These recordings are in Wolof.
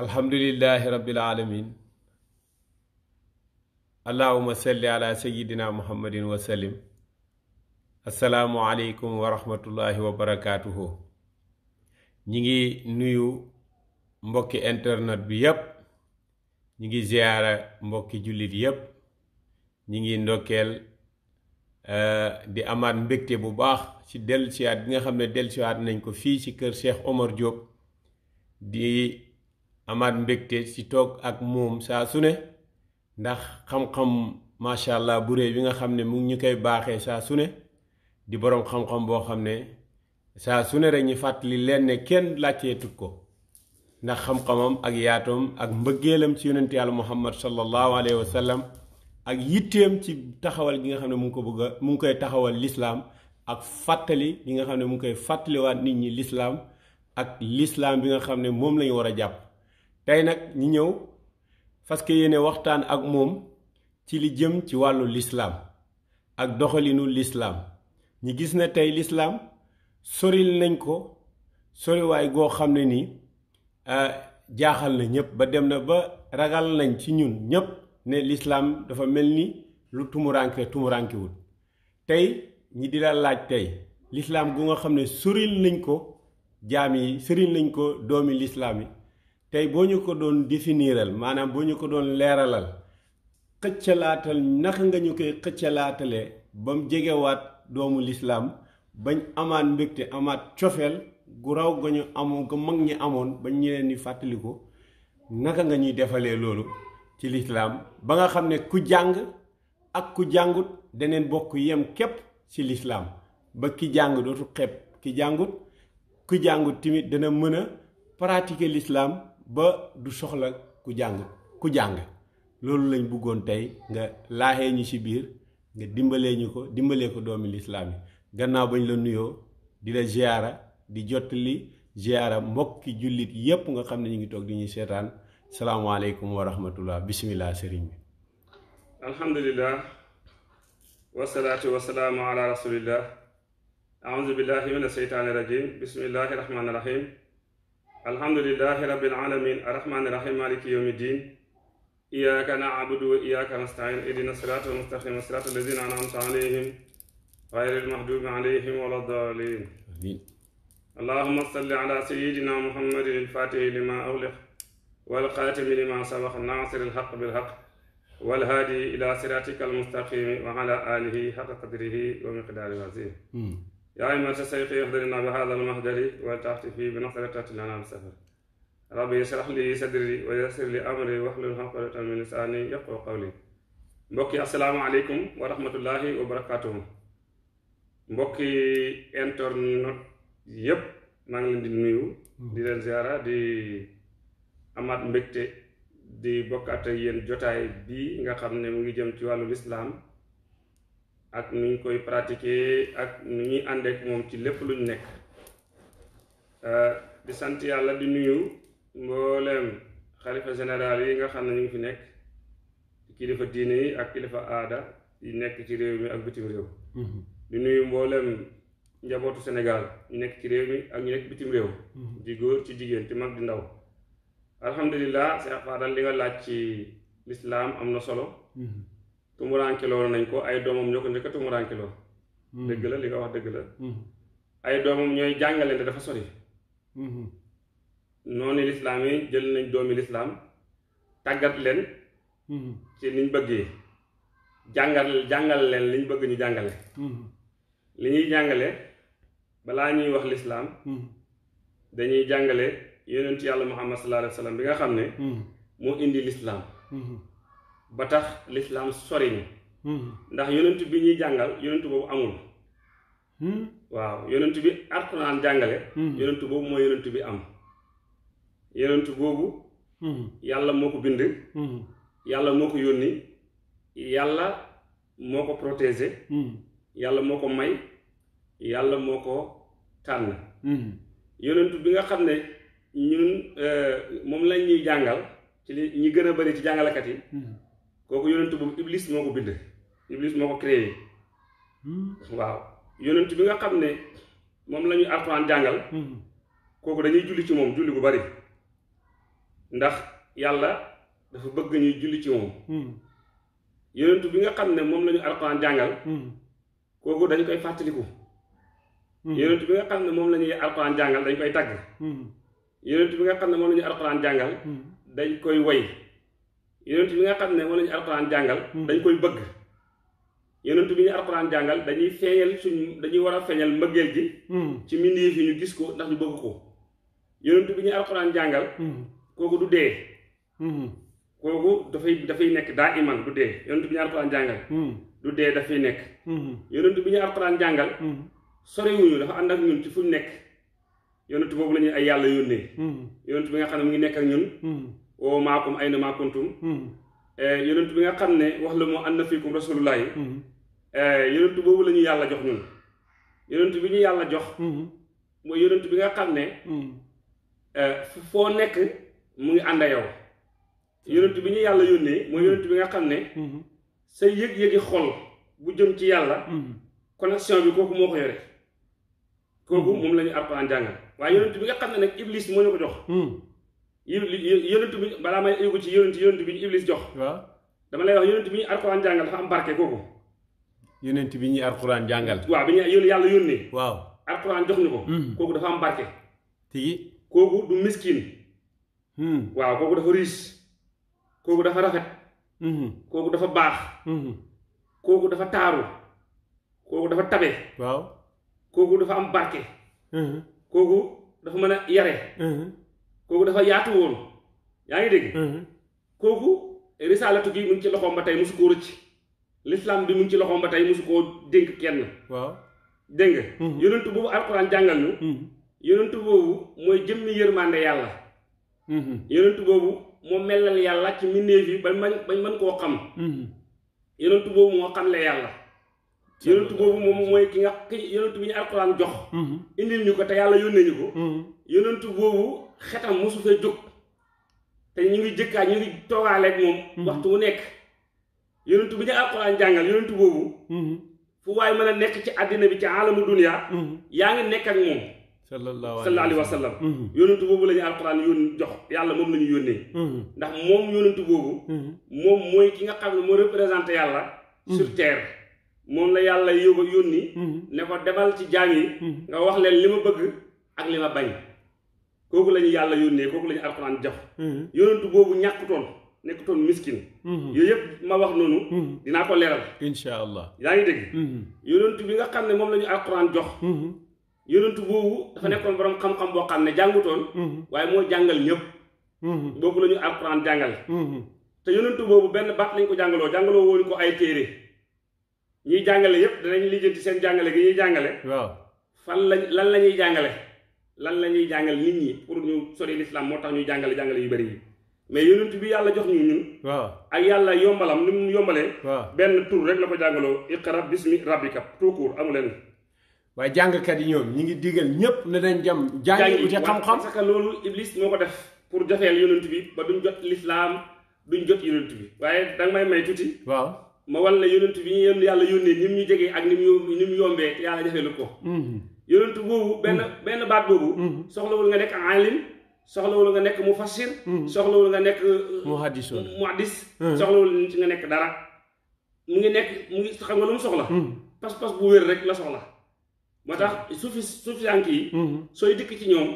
alhamdulillahi rabbil alamin allahuma salli ala sayidina muhammadin wa sallim asalaamu aleykum wa rahmatullahi wa ñi ngi nuyu mbokki internet bi yépp ñi ngi ziyaara mbokki jullit yépp ñi ngi ndokkeel eh, di amaat mbégte bu baax ci dellusiwaat bi nga xam ne dellusiwaat nañ ko fii ci kër Cheikh Omar Diop di amaat mbégte ci toog ak moom saa su ne ndax xam-xam macha allah bu réew bi nga xam ne mu ngi ñu koy baaxee saa su ne di boroom xam-xam boo xam ne saa su ne rek ñu fàttali leen ne kenn laajteetut ko ndax xam-xamam ak yaatoom ak mbëggeelam ci yonent yàlla muhammad sallallahu alayhi wa sallam ak yitteem ci taxawal gi nga xam ne mu ngi ko bëgg a mu ngi koy taxawal lislaam ak fàttali gi nga xam ne mu ngi koy fàttaliwaat nit ñi lislaam ak lislaam bi nga xam ne moom la war a jàpp tey nag ñu ñëw parce que yéene waxtaan ak moom ci li jëm ci wàllu lislaam ak doxalinu lislaam ñi gis na tey lislaam soril nañ ko soriwaay goo xam ne nii euh, jaaxal na ñépp ba dem na ba ragal nañ ci ñun ñépp ne lislaam dafa mel ni lu tumuranke tumurankewul tey ñi di la laaj tey lislaam gu nga xam ne soril nañ ko jaam yi soril nañ ko doomi lislaam yi tey boo ñu ko doon définiral maanaam boo ñu ko doon leeralal xëccalaatal naka nga ñu koy xëccalaatale ba mu jegewaat doomu lislaam bañ amaat mbégte amaat cofeel gu raw ga ñu amoon ga mag ñi amoon bañ ñu leen di fàttaliku naka nga ñuy defalee loolu ci lislaam ba nga xam ne ku jàng ak ku jàngut daneen bokk yem képp ci lislaam ba ki jàng dootu xeeb ki jàngut ku jàngut tamit dana mën a pratiquer l'islam ba du soxla ku jàng ku jàng loolu lañ bëggoon tey nga laaxee ñu ci biir nga dimbalee ñu ko dimbalee ko doomi lislaam yi gannaaw bañ la nuyoo di la ziyaara di jot jottali ziyaara mbokki jullit yépp nga xam ne ñu ngi toog di ñuy seetaan salaamaaleykum wa rahmatullah bisimilah sëriñ bi alhamdulilah wasalaatu wasalaamu ala rasulillah aouzu billahi min asheytaani rajim bismillahi rahmaani alhamdulilahi rabbil alamin arrahmani rahim maliki yawmi din iyyaka na'budu wa iyyaka nasta'in ihdina siratal mustaqim siratal ladzina an'amta alayhim ghayril maghdubi alayhim waladdallin amin allahumma salli ala sayyidina muhammadin al-fatihi lima ughliq wal khatimi lima sabaq nasir al-haqq bil haqq wal hadi ila siratikal mustaqim wa ala alihi haqqa qadrihi wa miqdarihi al-azim hmm. يا أيما تسيقي اهدنا بهذا المهدر والتحت فيه بنصر تاتلنا بسفر ربي اشرح لي صدري ويسر لي أمري واحلل عقدة من لساني يفقهوا قولي mbokki asalaamaaleykum wa rahmatullahi wa barakatuhu mbokki internet yépp maa ngi leen di nuyu di leen ziara di amaat mbégte di bokkaat ak yéen jotaay bii nga xam ne mu ngi jëm ci wàllu lislaam ak ni ñu koy pratiquer ak ni ñuy ànd moom ci lépp luñ nekk euh, di sant yàlla di nuyu mbooleem xalifa général yi nga xam ne ñu fi nekk kilifa diine yi ak kilifa aada yi nekk ci réew mi ak bitim réew mm-hmm. di nuyu mboolem njabootu Sénégal nekk ci réew mi ak ñu nekk bitim réew mm-hmm. di góor ci jigéen ci mag di ndaw alhamdulilah Cheikh Fadal li nga laaj ci lislaam am na solo mm-hmm. tumuraankiloo nañ ko ay doomam ñoo ko njëkk tumuraankiloo hmm. dëgg la li nga wax dëgg la hmm. ay doomam ñooy jàngalante dafa sori hmm. noonu lislaam yi jël nañ doomi lislaam tàggat leen ci niñ bëggee jàngal jàngal leen liñ bëgg ñu jàngale li ñuy jàngale balaa ñuy wax lislaam dañuy jàngale yonent yàlla muhammad sallallahu alayhi bi nga xam ne moo indi lislaam ba tax lislaam soriñu hmm. ndax yonent bi ñuy jàngal yonent boobu amul hmm. waaw yonent bi alxuraan jàngale hmm. yonent boobu mooy yonent bi am yonent boobu yàlla moo ko bind yàlla moo ko yónni yàlla moo ko protéger yàlla moo ko may yàlla moo ko tànn yonent bi nga xam ne ñun euh, moom lañ ñuy jàngal ci li ñi gën a bari ci jàngalekat yi kooku yonent boobu iblis moo ko bind iblis moo ko créé hmm. waaw yonent bi nga xam ne moom lañuy ñu alxuraan jàngal hmm. kooku dañuy julli ci moom julli bu bari ndax yàlla dafa bëgg ñuy julli ci hmm. bi nga xam ne moom la ñu jàngal kooku dañ koy fàttaliku yonent bi nga xam ne moom la ñuy alxuraan jàngal dañ koy tagg yonent bi nga xam ne moom la ñuy jàngal dañ koy woy yonent bi nga xam ne moom la alxuraan jàngal. Hmm. dañ koy bëgg. yonent bi ñu alxuraan jàngal dañuy feeñal suñ dañuy war a feeñal mbëggeel gi. Hmm. ci mbindeef yi ñu gis ko ndax ñu bëgg ko. yonent bi ñu alxuraan jàngal. Hmm. du dee. kooku dafay dafay nekk daa iman du dee yonent bi ñu alxuraan jàngal. du dee dafay nekk. yonent bi ñu alxuraan jàngal. soriwuñu dafa ànd ak ñun ci fu ñu nekk. yonent boobu la ay yàlla yónnee. yonent bi nga xam ne mu ngi nekk ak ñun. woo maakum ay na maa kuntum hmm. eh, yonent bi nga xam ne wax la moo anna fiikum rasulullahi hmm. eh, yonent boobu la ñu yàlla jox ñun yonent bi ñu yàlla jox hmm. mooy yonent bi nga xam ne eh, foo nekk mu ngi ànd yow yonent bi ñu yàlla yónnee mooy bi nga xam ne sa yëg-yëgi xol bu jëm ci yàlla connexion bi kooku moo ko yore kooku moom lañu ñu Alxuraan jàngal waaye yonent bi nga xam ne nag iblis moo ñu ko jox yonent bi balaa may yóbbu ci bi ñu iblis jox. waaw dama lay wax yonent bi ñu alxuraan jàngal am barke kooku. yonent bi ñuy alxuraan jàngal. waaw bi ñu yàlla yónnee. waaw alxuraan jox ñu ko. Hmm. kooku dafa am barke. tigi kooku du miskin. Hmm. waaw kooku dafa riche. kooku dafa rafet. Hmm. kooku dafa baax. kooku dafa taaru. kooku dafa tabe. waaw kooku dafa am barke. kooku dafa mën a yare. kooku dafa yaatu woon yaa ngi dégg mm-hmm. kooku risalatu gi mu ci loxoom ba tey mosu koo rëcc l'islam bi mu ci loxoom ba tey mosu koo dénk kenn waaw dégg nga mm-hmm. yonentu boobu alxuraan jàngal ñu mm-hmm. yonentu boobu mooy jëmmi yërmande yàlla yonentu boobu moo melal yàlla ci mbindeef yi bañ man bañ mën koo xam yonentu boobu moo xamle yàlla yonentu boobu moom mooy ki nga ki yonentu bi ñu alxuraan jox indil ñu ko te yàlla yónnee ñu ko yonentu boobu xetam mosu fee jóg te ñu ngi jëkkaat ñu ngi toogaaleeg moom mhm. waxtu wu nekk yonentu bi ñu alxuraan jàngal yonentu boobu mhm. fu waay mën a nekk ci àddina bi ci alamu dunia mhm. yaa ngi nekk ak moom sallallahu alayhi wa sallam yonentu boobu la ñu alxuraan yónni jox yàlla moom la ñu yónnee ndax moom yonentu boobu moom mooy ki nga xam ne moo représenté yàlla sur terre moom la yàlla yóbbu yónni ne ko demal ci jaam yi nga wax leen li ma bëgg ak li ma bañ kooku la ñu yàlla yónnee kooku lañu ñu alxuraan jox mhm. yonentu boobu ñàkkutoon nekkutoon miskin mhm. yooyu yëpp ma wax noonu mhm. dinaa ko leeral incha allah yaa ngi dégg yonentu bi nga xam ne moom la ñu alxuraan jox yonentu boobu dafa nekkoon borom xam-xam boo xam ne jàngutoon waaye moo jàngal ñëpp boobu la ñu alxuraan jàngal te yonentu boobu benn baat lañ ko jàngaloo jàngaloo woon ko ay téere ñuy jàngale yëpp danañ ci seen jàngale gi ñuy jàngale waaw fan lañ lan la ñuy jàngale lan la ñuy jàngal nit ñi pour ñu sori l'islam moo tax ñuy jàngale jàngale yu bari yi mais yonent bi yàlla jox ñu ñun waaw ak yàlla yombalam ni mu yombalee benn tur rek la ko jàngaloo iqra bismi rabbika tout court amu leen waaye jàngkat yi ñoom ñi ngi digal ñépp ne jam jàngi uti xam-xam parce ka loolu iblis moo ko def pour jafeel yonent bi ba duñ jot l'islam duñ jot yonent bi waaye danga may may tuuti waaw ma wal la yonent bi ñu yàlla yónnee ni mu ñu jegee ak ni mu ni mu yombee yàlla jafeelu ko mm-hmm. yonent boobu benn mm. benn baat boobu mm. soxlawul nga nekk alim soxlawul nga nekk mufassir mm. soxlawul nga nekk euh, euh, muhaddis muhaddis soxlawul ci nga nekk dara mu ngi nekk mu ngi xam nga lu mu soxla pas-pas bu wér rek la soxla moo tax suufi suufiyank yi sooy dikk ci ñoom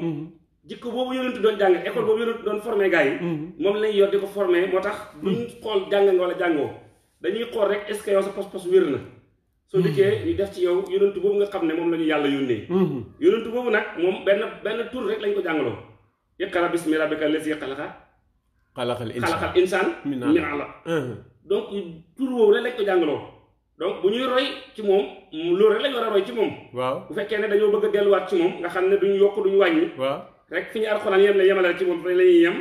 jikko boobu yonent doon jàng école boobu yonent doon formé gars yi moom lañ yor di ko formé moo tax duñ xool jàng nga wala jàngoo dañuy xool rek est-ce que yow sa pas-pas wér na soo hmm. dikkee ñu def ci yow yonentu boobu nga xam ne moom la ñu yàlla yónnee hmm. yonentu boobu nag moom benn benn tur rek lañ ko jàngaloo iqra bismi rabbika lazi xalaqa xalaqal insaan hmm. tur woowu rek ko jàngaloo donc bu ñuy roy ci moom loolu rek lañ war a roy ci moom waaw bu fekkee ne dañoo bëgg a delluwaat ci moom nga xam ne duñ yokk duñ wàññi rek fi ñu alxuraan yem la yemalal ci moom fa la ñuy yem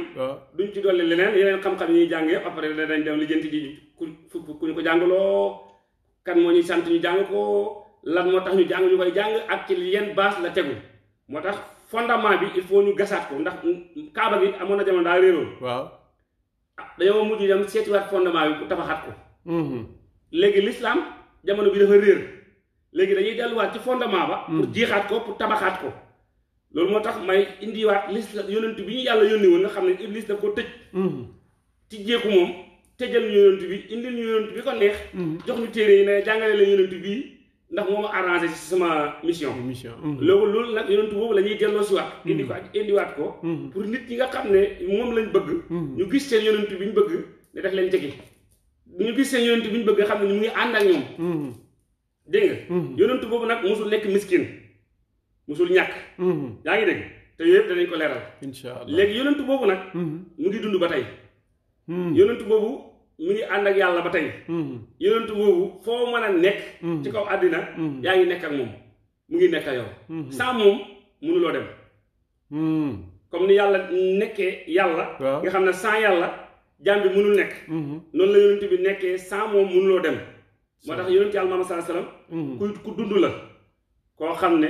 duñ ci dolli leneen yeneen xam-xam yi ñuy jàng yëpp après dañ kan moo ñuy sant ñu jàng koo lan moo tax ñu jàng ñu koy jàng ak ci yenn baas la tegu moo tax fondement bi il faut ñu gasaat ko ndax kaaba gi amoon na jamono daal réeroon. waaw ah, dañoo mujj dem seetiwaat fondement bi bu tabaxaat ko. Mm-hmm. léegi l'islam jamono bi dafa réer léegi dañuy delluwaat ci fondement ba. Mm-hmm. pour jeexaat ko pour tabaxaat ko. loolu moo tax may indiwaat list yonent bi ñu yàlla yónni woon nga xam ne iblis daf ko tëj. Mm-hmm. ci jéeku moom. tegal ñu yonent bi indil ñu yonent bi ko neex mm-hmm. jox ñu téere yi ne jàngale la yonent bi ndax moo ma arrangé ci sama mission mission mm-hmm. loolu loolu nag yonent boobu la ñuy delloo si waat mm-hmm. indi ko ak indiwaat ko pour nit ñi nga xam ne moom lañ bëgg ñu gis seen yonent bi ñu bëgg ne daf leen jege ñu gis seen yonent bi ñu bëgg xam ne ñu ngi ànd ak ñoom dégg nga yonent boobu nag musul nekk miskin musul ñàkk yaa ngi dégg te yooyu yëpp danañ ko leeral incha léegi yonent boobu nag mu ngi dund ba tey Hmm. yonent boobu mu ngi ànd ak yàlla ba tey hmm. yonent boobu foo mën a nekk hmm. ci kaw àddina yaa ngi nekk ak moom mu ngi nekk ak saa moom mënuloo dem comme ni yàlla nekkee yàlla nga xam ne sans yàlla jaam bi mënul nekk noonu la yonent bi nekkee sans moom mënuloo dem moo tax yonent yàlla maama saa sallam kuy ku dund la koo xam ne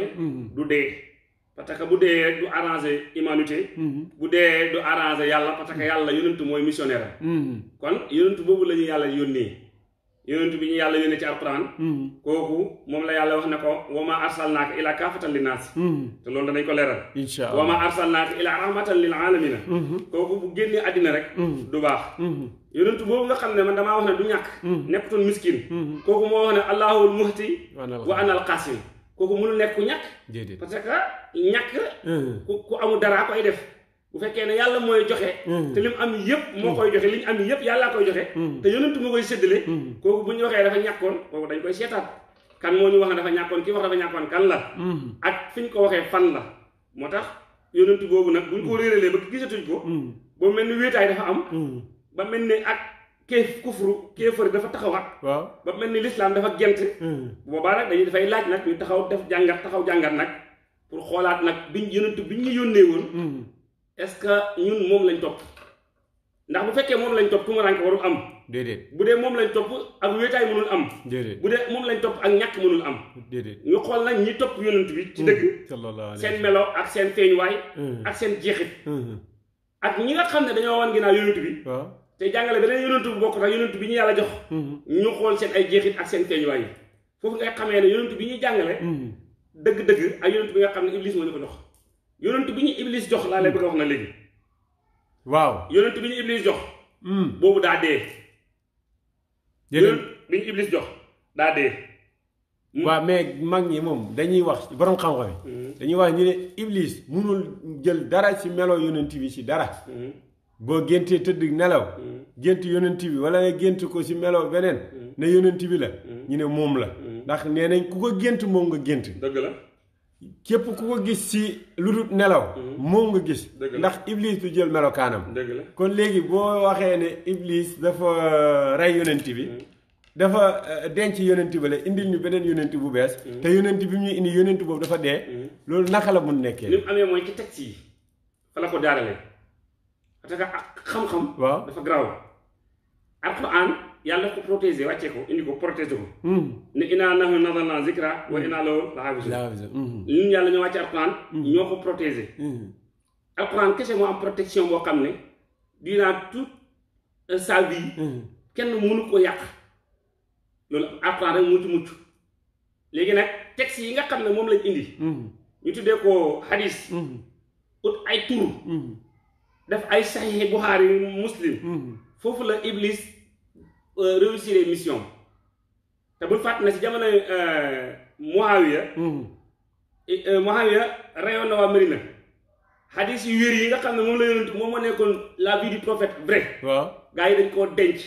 du dee parce que bu dee du arranger humanité mhm. bu dee du arranger yàlla parce que yàlla yonentu mooy missionnaire mhm. kon yonentu boobu la yàlla yónnee yonentu bi ñu yàlla yónnee ci alquran mhm. kooku moom la yàlla wax ne ko wama arsalnaaka ila kaafatan linnaas te loolu danañ ko leeral incha allah wama arsalnaaka ila rahmatan lil kooku bu génnee àddina rek du baax yonentu boobu nga xam ne man damaa wax ne du ñàkk nekkutoon miskin kooku moo wax ne allahul muhti wa kooku mënul nekk ku ñàkk. parce que ñàkk. ku ku amul daraa koy def. bu fekkee ne yàlla mooy joxe. te li mu am yëpp moo koy joxe li ñu am yëpp yàllaa koy joxe. te yonent moo koy séddale. kooku bu ñu waxee dafa ñàkkoon kooku dañ koy seetaat. kan moo ñu wax ne dafa ñàkkoon ki wax dafa ñàkkoon kan la. ak fi ñu ko waxee fan la. moo tax yonent boobu nag bu ñu ko réeralee ba gisatuñ ko. boo mel ni wéetaay dafa am. ba mel ni ak. kéef kufru kéefar dafa taxawaat. waaw ba mel ni lislaam dafa gent. Hmm. boobaa nag dañuy dafay laaj nag ñu taxaw def jàngat taxaw jàngat nag pour xoolaat nag biñ yonent biñ ñu yónnee woon. Hmm. est-ce que ñun moom lañ topp. ndax bu fekkee moom lañ topp tumuraanke warul am. déedéet bu dee moom lañ topp ak wéetaay mënul am. déedéet bu dee moom lañ topp ak ñàkk mënul am. déedéet ñu xool nag ñi topp yonent bi. ci hmm. dëgg seen melo ak seen feeñuwaay. ak seen jeexit. ak ñi nga xam ne dañoo wan ginnaaw yonent bi. te jàngale beneen yonent bu bokk tax yonent bi ñu yàlla jox mm-hmm. ñu xool seen ay jeexit ak seen feeñuwaay yi foofu ngay xamee ne yonent bi ñuy jàngale mm-hmm. dëgg-dëgg ak yonent bi nga xam ne iblis moo ñu bi ñu iblis jox laa lay bëgg a waaw yonent bi ñu iblis mm. boobu daa dee yonent bi ñu iblis jox daa dee mm. waaw mais mag ñi moom dañuy wax borom xam-xam yi mm. dañuy wax ñu ne iblis mënul jël dara ci melo yonent bi ci dara boo géntee tëdd nelaw mm. gént yonent bi wala nga gént ko ci melaw beneen mm. ne yonent bi la mm. ñu ne moom la ndax nee nañ ku ko gént moom nga gént dëgg la képp ku ko gis ci lu dul nelaw moom nga gis ndax iblis du jël melokaanam dëgg la kon léegi boo waxee ne iblis dafa euh, rey yonent bi dafa euh, denc yonent ba la indil ñu beneen yonent bu bees te yonent bi ñuy indi yonent boobu dafa dee loolu naka la mun nekkee li mu mooy ci teg ci fa la parce que xam-xam. waaw dafa garaaw. alquran yàlla ko protéger wàccee ko indi ko protéger ko. Hmm. ne innaa nahnu nazzalnaa zikra wa innaa lahu lahaafizuun. Hmm. Hmm. ñun yàlla ñoo wàcce alquran. ñoo ko protéger. alquran kese moo am protection boo xam ne durant toute sa vie. kenn mënu ko yàq loolu alquran rek mucc mucc léegi nag texte yi nga xam ne moom lañ indi. ñu tuddee ko hadis. ut ay tur. def ay saxiixi Buxaari muslim mhm. foofu la Iblis euh, réussir mission te bul fàtt na si jamono euh, Muawiya mhm. euh, Muawiya reyoon na waa Medina xadis yu wér yi nga xam ne moom la yonent moom ma nekkoon la vie du prophète vrai waaw yi dañ koo denc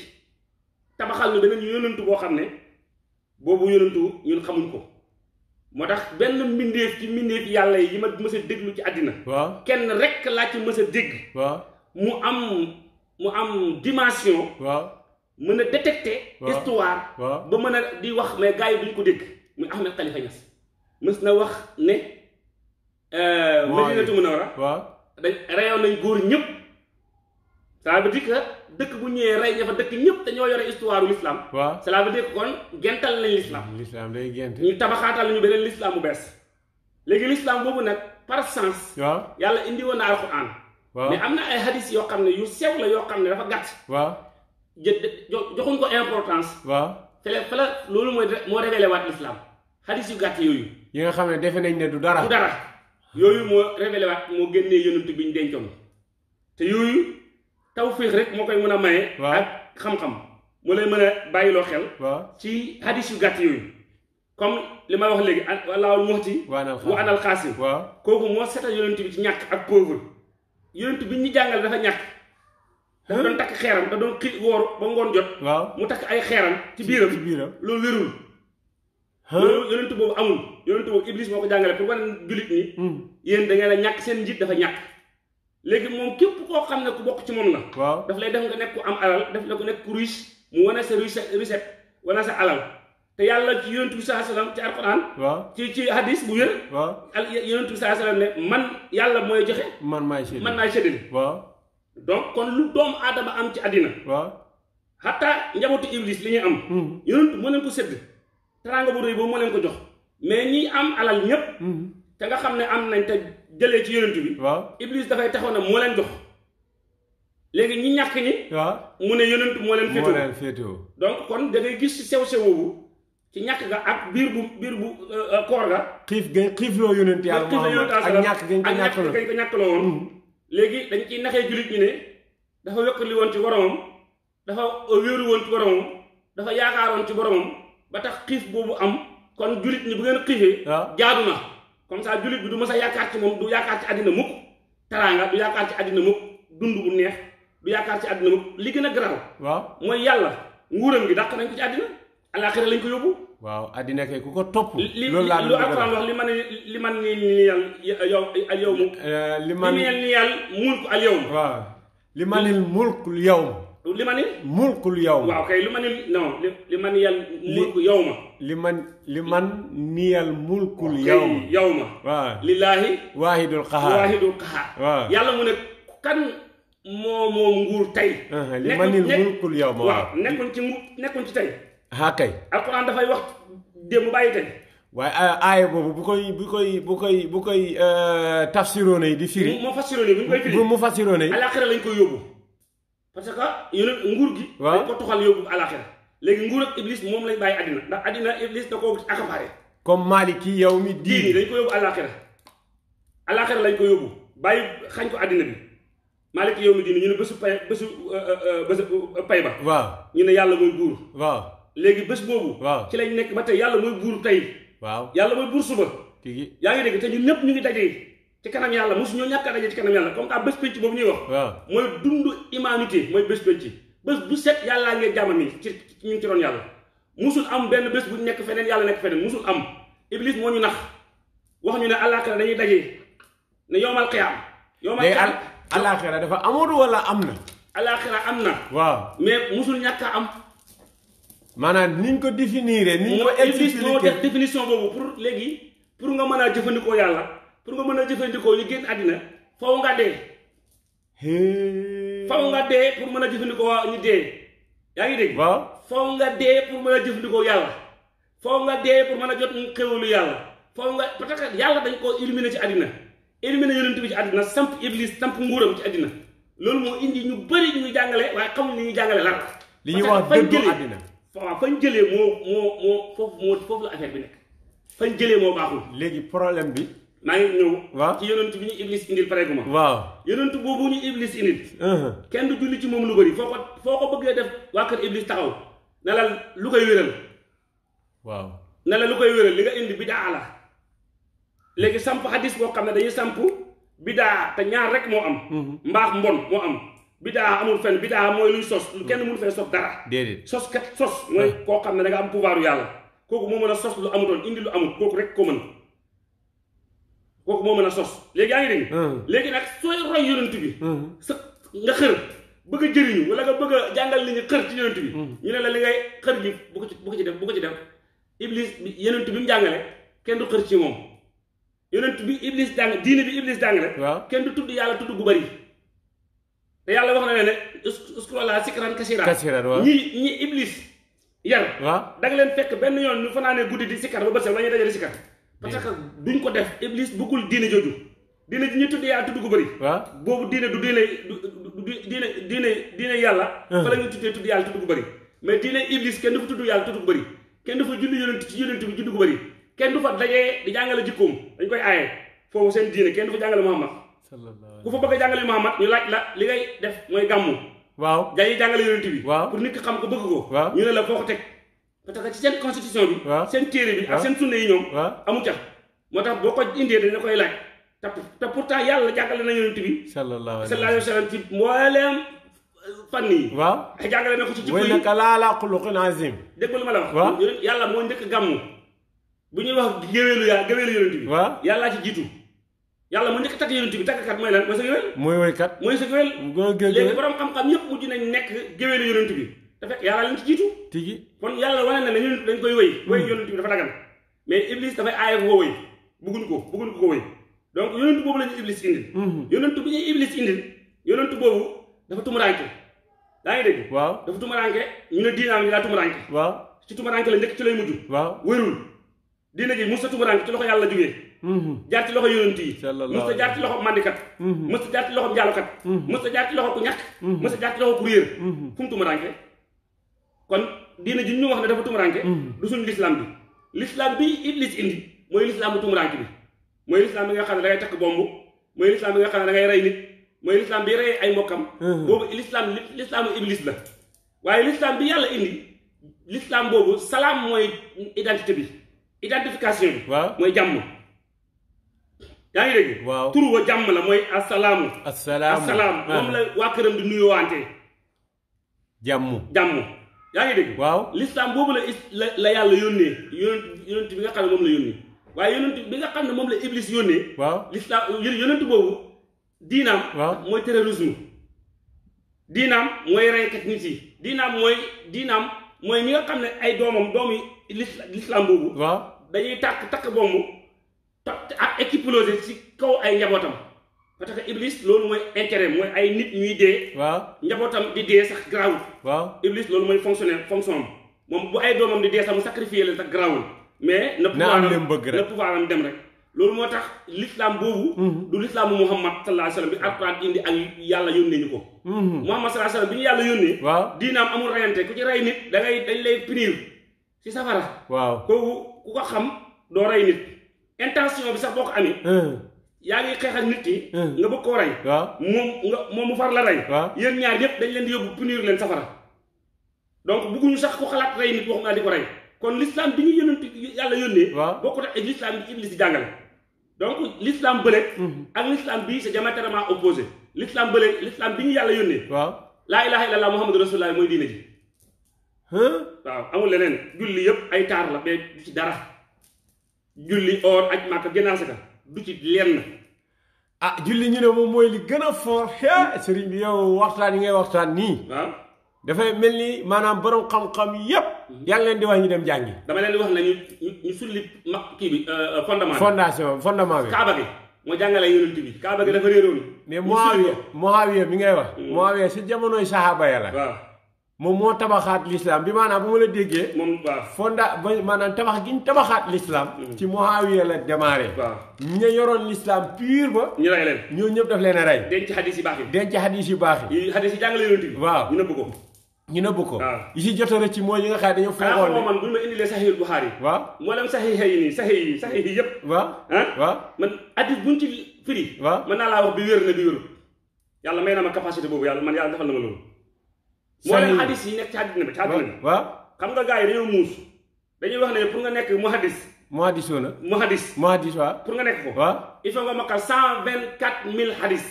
tabaxal nu beneen yonentu boo xam ne boobu yonentu ñun xamuñ ko moo tax benn mbindeef ci mbindeef yàlla yi ma mës a déglu ci àddina waaw kenn rek laa ci mës a dégg mu am mu am dimension waaw mën a détecter histoire ba mën a di wax mais gars yi duñ ko dégg muy Ahmed Khalifa Niass mës na wax ne euh, Madinatu Munawwara waaw dañ reyoon nañ góor ñépp ça veut dire dëkk bu ñëwee rey ña fa dëkk ñëpp te ñoo yore histoire u l'islam waaw cela veut dire kon gental nañ l'islam l'islam day gent ñu tabaxaatal ñu beneen l'islam bu bees léegi l'islam boobu nag par sens yàlla indi woon na alquran mais am na ay hadis yoo xam ne yu sew la yoo xam ne dafa gàtt waaw joxuñ ko importance waaw fele fala loolu mooy moo révélé waat l'islam hadis yu gàtt yooyu yi nga xam ne defe nañ ne du dara du dara yooyu moo révélé waat moo génnee tawfiix rek moo koy mën a maye. ak xam-xam mu lay mën a bàyyiloo xel. ci hadis yu gàtt yooyu. comme li ma wax léegi allahul muxti wa anal xaasim kooku moo seetal yonent bi ci ñàkk ak pauvre yonent bi ñu jàngal dafa ñàkk. dafa doon takk xeeram da doon xi woor ba ngoon jot. mu takk ay xeeram ci biiram loolu wérul. loolu yonent boobu amul yonent boobu iblis moo ko jàngale pour wane jullit ñi. yéen da ngeen ñàkk seen njiit dafa ñàkk. léegi moom képp koo xam ne ku bokk ci moom na waaw daf lay def nga nekk ku am alal daf la ko nekk ku riche mu wane sa riche wane sa alal te yàlla ci yonent bi saa salaam ci alquran. waaw ci ci bu wér. waaw ak yonent bi saa ne man yàlla mooy joxe. man maay séddale man maay séddale. waaw donc kon lu doomu aadama am ci àddina. waaw xataa njabootu iblis li ñuy am. Hmm. yonent moo leen ko sédd. teraanga bu rëy boobu moo leen ko jox mais ñi am alal ñëpp. Hmm. te nga xam ne am nañ te jëlee ci yonent bi. waaw Iblis dafay taxaw ne moo leen jox. léegi ñi ñàkk ñi. waaw mu ne yonent moo leen. féetewoo moo donc kon da ngay gis si sew sew boobu ci ñàkk ga ak biir bu biir bu euh, koor ga. xiif ga xiif loo yonent yàlla ak ñàkk gañ ko ñàkkaloo ak ñàkk gañ ko ñàkkaloo woon. Mm-hmm. léegi dañ ciy naxee jullit ñi ne dafa wéqali woon ci boromam dafa wéeru woon ci boromam dafa yaakaaroon ci boromam ba tax xiif boobu am kon jullit ñi bu ngeen xiifee. jaadu na. comme ça jullit bi du ma sa yaakaar ci moom du yaakaar ci àddina mukk taraanga du yaakaar ci àddina mukk dund bu neex du yaakaar ci àddina mukk li gën a garaaw waaw mooy yàlla nguuram gi dàq nañ ko ci àddina alaxira lañ ko yóbbu waaw àddina kay ku ko topp loolu laa lu alxuraan wax li man li man ni niyal yow al yow mu eh, li man niyal mun ko al yow waaw li manil mulk yow du limanil mulkul yawma waaw kay limanil non ma mulku yawma liman liman niyal mulkul yawma yawma waaw lillaahi waahidul qahar waahidul qahar waaw yàlla mu ne kan moo moo nguur tey limanil mulkul yawma waaw nekkuñ ci ngu nekkuñ ci tey haa kay alquran dafay wax démb bàyyi tey waaye aaya boobu bu koy bu koy bu koy bu koy euh, tafsiroone yi di firi mu fassiroone yi bu ñu koy firi mu fassiroone yi alaaxira lañ koy yóbbu parce que yéen nguur gi. waaw dañ ko toxal yóbbu alaxira léegi nguur ak iblis moom lañ bàyyi àddina ndax àddina iblis da koo accaparé. comme Maliki yow mi diini dañ ko yóbbu alaxira alaxira lañ ko yóbbu bàyyi xañ ko àddina bi. Maliki yow mi diini ñu ne bésu pay bésu euh, euh, euh, bésu pay ba. waaw ñu ne yàlla mooy buur. waaw léegi bés boobu. waaw ci lañ nekk ba tey yàlla mooy buur tey. waaw yàlla mooy buur suba. yaa ngi dégg te ñun ñëpp ñu ngi daje. ci kanam yàlla mosu ñoo ñàkk a daje ci kanam yàlla comme que bés pénc boobu ñuy wax. waaw mooy dund humanité mooy bés pénc bés bu set yàllaa ngeen jàmm mi ci ñu ci doon yàlla musul am benn bés bu nekk feneen yàlla nekk feneen musul am iblis moo ñu nax wax ñu ne àllaaxira dañuy daje ne yowmal xiyaam. yowmal xiyaam mais dafa amoon wala am na. àllaaxira am na. waaw mais musul ñàkk am. maanaan ni ko définir. ni ñu ko expliquer iblis moo def définition boobu pour léegi pour nga mën a jëfandikoo yàlla. pour ma mën a jëfandikoo ñu génn àddina faw nga dee faw nga dee pour mën a jëfandikoo waa ñu dee yaa ngi dégg waaw faw nga dee pour mën a jëfandikoo yàlla faw nga dee pour mën a jot xéwalu yàlla faw nga parce que yàlla dañ ko illuminer ci àddina illuminer yonent bi ci àddina samp iblis samp nguuram ci àddina loolu moo indi ñu bëri ñu jàngale waaye xamul ni ñu jàngale lan li ñu wax dëddu àddina waaw fañ jëlee moo moo moo foofu la affaire bi nekk fañ jëlee moo baaxul léegi problème bi maa ngi ñëw. waaw ci yonent bi ñu iblis indil pareegu ma. waaw yonent boobu ñu iblis indil. Uh-huh. kenn du julli ci moom lu bëri foo ko foo ko bëggee def waa kër iblis taxaw ne la lu koy wéral. waaw ne koy wéral li nga indi bidaa la léegi samp xadis boo xam ne dañuy samp bidaa te ñaar rek moo am. Uh-huh. mbaax mbon moo am. bidaa amul fen bidaa mooy luy sos lu kenn mënu fee sos dara. déedéet sos kat sos. mooy uh-huh. koo xam ne da am pouvoiru yàlla kooku moo mën a sos lu amutoon indi lu amut kooku rek ko kooku moom mën a sos léegi yaa ngi dégg hmm. léegi nag sooy roy yonent bi hmm. sa nga xër bëgg a jëriñu wala nga bëgg a jàngal li ñu xër ci yonent bi hmm. ñu ne la li ngay xër ji bu ko ci bu def bu ko ci def iblis bi yonent bi mu jàngale kenn du xër ci moom yonent bi iblis jàng diine bi iblis jàngale kenn du tudd yàlla tudd gu bari te yàlla wax na leen ne uskurullah sikran kasiran ñi ñi iblis yar da nga leen fekk benn yoon ñu fanaanee guddi di sikkar ba bëccëg la ñuy dajale sikkar parce que duñ ko def iblis bëggul diine jooju diine ji ñu tudd yàlla tudd gu bëri. waaw boobu diine du diine du diine diine diine yàlla. fa la ñuy tuddee tudd yàlla tudd gu bëri. mais diine iblis kenn du fa tudd yàlla tudd gu bëri kenn du fa julli yonent ci yonent bi judd ko bëri kenn du fa dajee di jàngale jikkoom dañ koy aaye foofu seen diine kenn du fa jàngale Muhammad. ku fa bëgg a jàngale Muhammad ñu laaj la li ngay def mooy gàmmu. waaw gars jàngale yonent bi. waaw pour nit ki xam ko bëgg ko. waaw ñu ne la foo ko teg parce que ci seen constitution bi. seen téere bi ak seen sunna yi ñoom. amu ca moo tax boo ko indee dañu koy laaj. te te pourtant yàlla jàngale na yonent bi. sallallahu alayhi wa sallam ci mbooleem fànn yi. waaw jàngale na ko ci jikko yi wa innaka la'alaa xuluqin aziim. dégg nga lu ma la wax. yàlla moo njëkk gàmmu. bu ñuy wax géwélu yaa géwélu yonent bi. waaw yàllaa ci jiitu. yàlla moo njëkk takk yonent bi takkkat mooy lan mooy sa géwél. mooy woykat mooy sa géwél. léegi borom xam-xam yëpp mujj nañ nekk géwélu yonent bi dafa yàlla lañ ci jiitu. tigi kon yàlla wane na ne ñun dañ koy woy wëy yonent bi dafa dagan mais iblis dafay aaye ko wëy bëgguñ ko bëgguñ ko ko donc yonent boobu la ñu iblis indil. Mhm. yonent ñuy iblis indil yonent boobu dafa tumuranke yaa ngi dégg. waaw dafa tumuranke ñu ne diinaam ñu daa tumuranke. waaw ci tumuranke la njëkk ci lay mujj. waaw wérul diina ji mos a tumuranke ci loxo yàlla jógee. Mhm. jaar ci loxo yonent yi. mos a jaar ci loxo mandikat. mos mhm. a jaar ci loxo njaalukat. mos a jaar ci loxo ku ñàkk. mos a jaar ci loxo ku réer. kon diina ji ñu wax ne dafa tumuranke mm. du suñ lislaam bi lislaam bi iblis indi mooy lislaam bu tumuranke bi mooy lislaam bi nga xam ne da ngay takk bomb mooy lislaam bi nga xam ne da ngay rey nit mooy lislaam bi rey ay mbokkam mm. boobu lislaam lislaamu iblis la waaye lislaam bi yàlla indi lislaam boobu salaam mooy identité bi identification bi mooy jàmm yaa ngi dégg waaw jàmm la mooy asalaamu asalaam ah. moom la waa këram di nuyuwaante jàmm jàmm yaa ngi dégg waaw l'islam boobu la la la yàlla yónnee yonent yonent bi nga xam ne moom la yónnee bi nga xam ne moom la iblis yónnee waaw l'islam yonent boobu diinaam waaw mooy terrorisme diinaam mooy reykat nit diinaam mooy diinaam mooy ñi nga xam ne ay doomam doomi l'islam boobu waaw dañuy takk takk bomb ak équipe explosé ci kaw ay njabootam parce que iblis loolu mooy intérêt mooy ay nit ñuy dee. waaw njabootam di dee sax garaawul. waaw iblis loolu mooy fonctionnaire fonction moom bu ay doomam di dee sax mu sacrifier leen sax garaawul. mais na pouvoir am dem rek. loolu moo tax l'islam boobu. Mhm. du l'islam bu Muhammad sallallahu alayhi wa sallam bi Alxuraan indi ak yàlla yónnee ñu ko. Mhm. Muhammad sallallahu alayhi bi ñu yàlla yónnee. waaw diinaam amul reyante ku ci rey nit da dañ lay punir ci safara. waaw kooku ku ko xam bi sax yaa ngi xeex ak nit ki. Hmm. nga bëgg koo rey. waaw moom nga moom mu far la rey. waaw yéen ñaar yëpp dañ leen di yóbbu punir leen safara. donc bugguñu sax ko xalaat rey nit wax nga di ko rey kon l'islam bi ñu yónent yàlla yónnee. waaw bokkut ak l'islam bi iblis di jàngale. donc l'islam bële. Hmm. ak l'islam bii c'est diamétralement opposé. l'islam bële l'islam bi ñu yàlla yónnee. waaw laa ilaha illallah muhammadu rasulullah mooy diine ji. waaw amul leneen julli yëpp ay taar la mais du ci dara. julli or aj màkka gànnaar ka du ci lenn. ah julli ñu ne moom mooy li gën a foor xëy sëriñ bi yow waxtaan yi ngay waxtaan nii. waaw dafay mel ni maanaam borom xam-xam yépp mhm. yaa ngi leen di wax ñu dem jàngi. dama leen di wax ne ñu sulli mag kii bi euh, euh, fondement bi. fondation fondement bi. Kaaba gi moo jàngale yonent bi Kaaba gi dafa réeroon. mais moo Muawiya mi ngay wax. Mhm. Muawiya si jamonoy saxaaba ya la. moom moo tabaxaat lislaam bi maanaam bu ma la déggee. moom waaw fonda ba maanaam tabax gi ñu tabaxaat lislaam mm. ci Muawiya la démarré. waaw ña yoroon lislaam pur ba. ñu rey leen ñoo ñëpp daf leen a rey. denc xadis yu baax yi. denc xadis yu baax yi. yi xadis yi jàngale yonent ñu nëbb ko. ko. yi si jot ci mooy yi nga xam ne dañoo. foogoon ne man bu ma indilee Sahihul Bukhari. waaw moo leen sahih yi nii sahih yi sahih yi yëpp. waaw waaw man bu ñu ci firi. waaw mën naa laa bi wér na bi na ma capacité boobu yàlla man yàlla defal na ma loolu mboolem hadis yi nekk ci àddina bi ci àddina bi waaw xam nga gars yi dañoo muus dañuy wax ne pour nga nekk mu hadis mu hadis woona mu hadis mu hadis waaw pour nga nekk ko waaw il faut nga cent vingt quatre mille hadis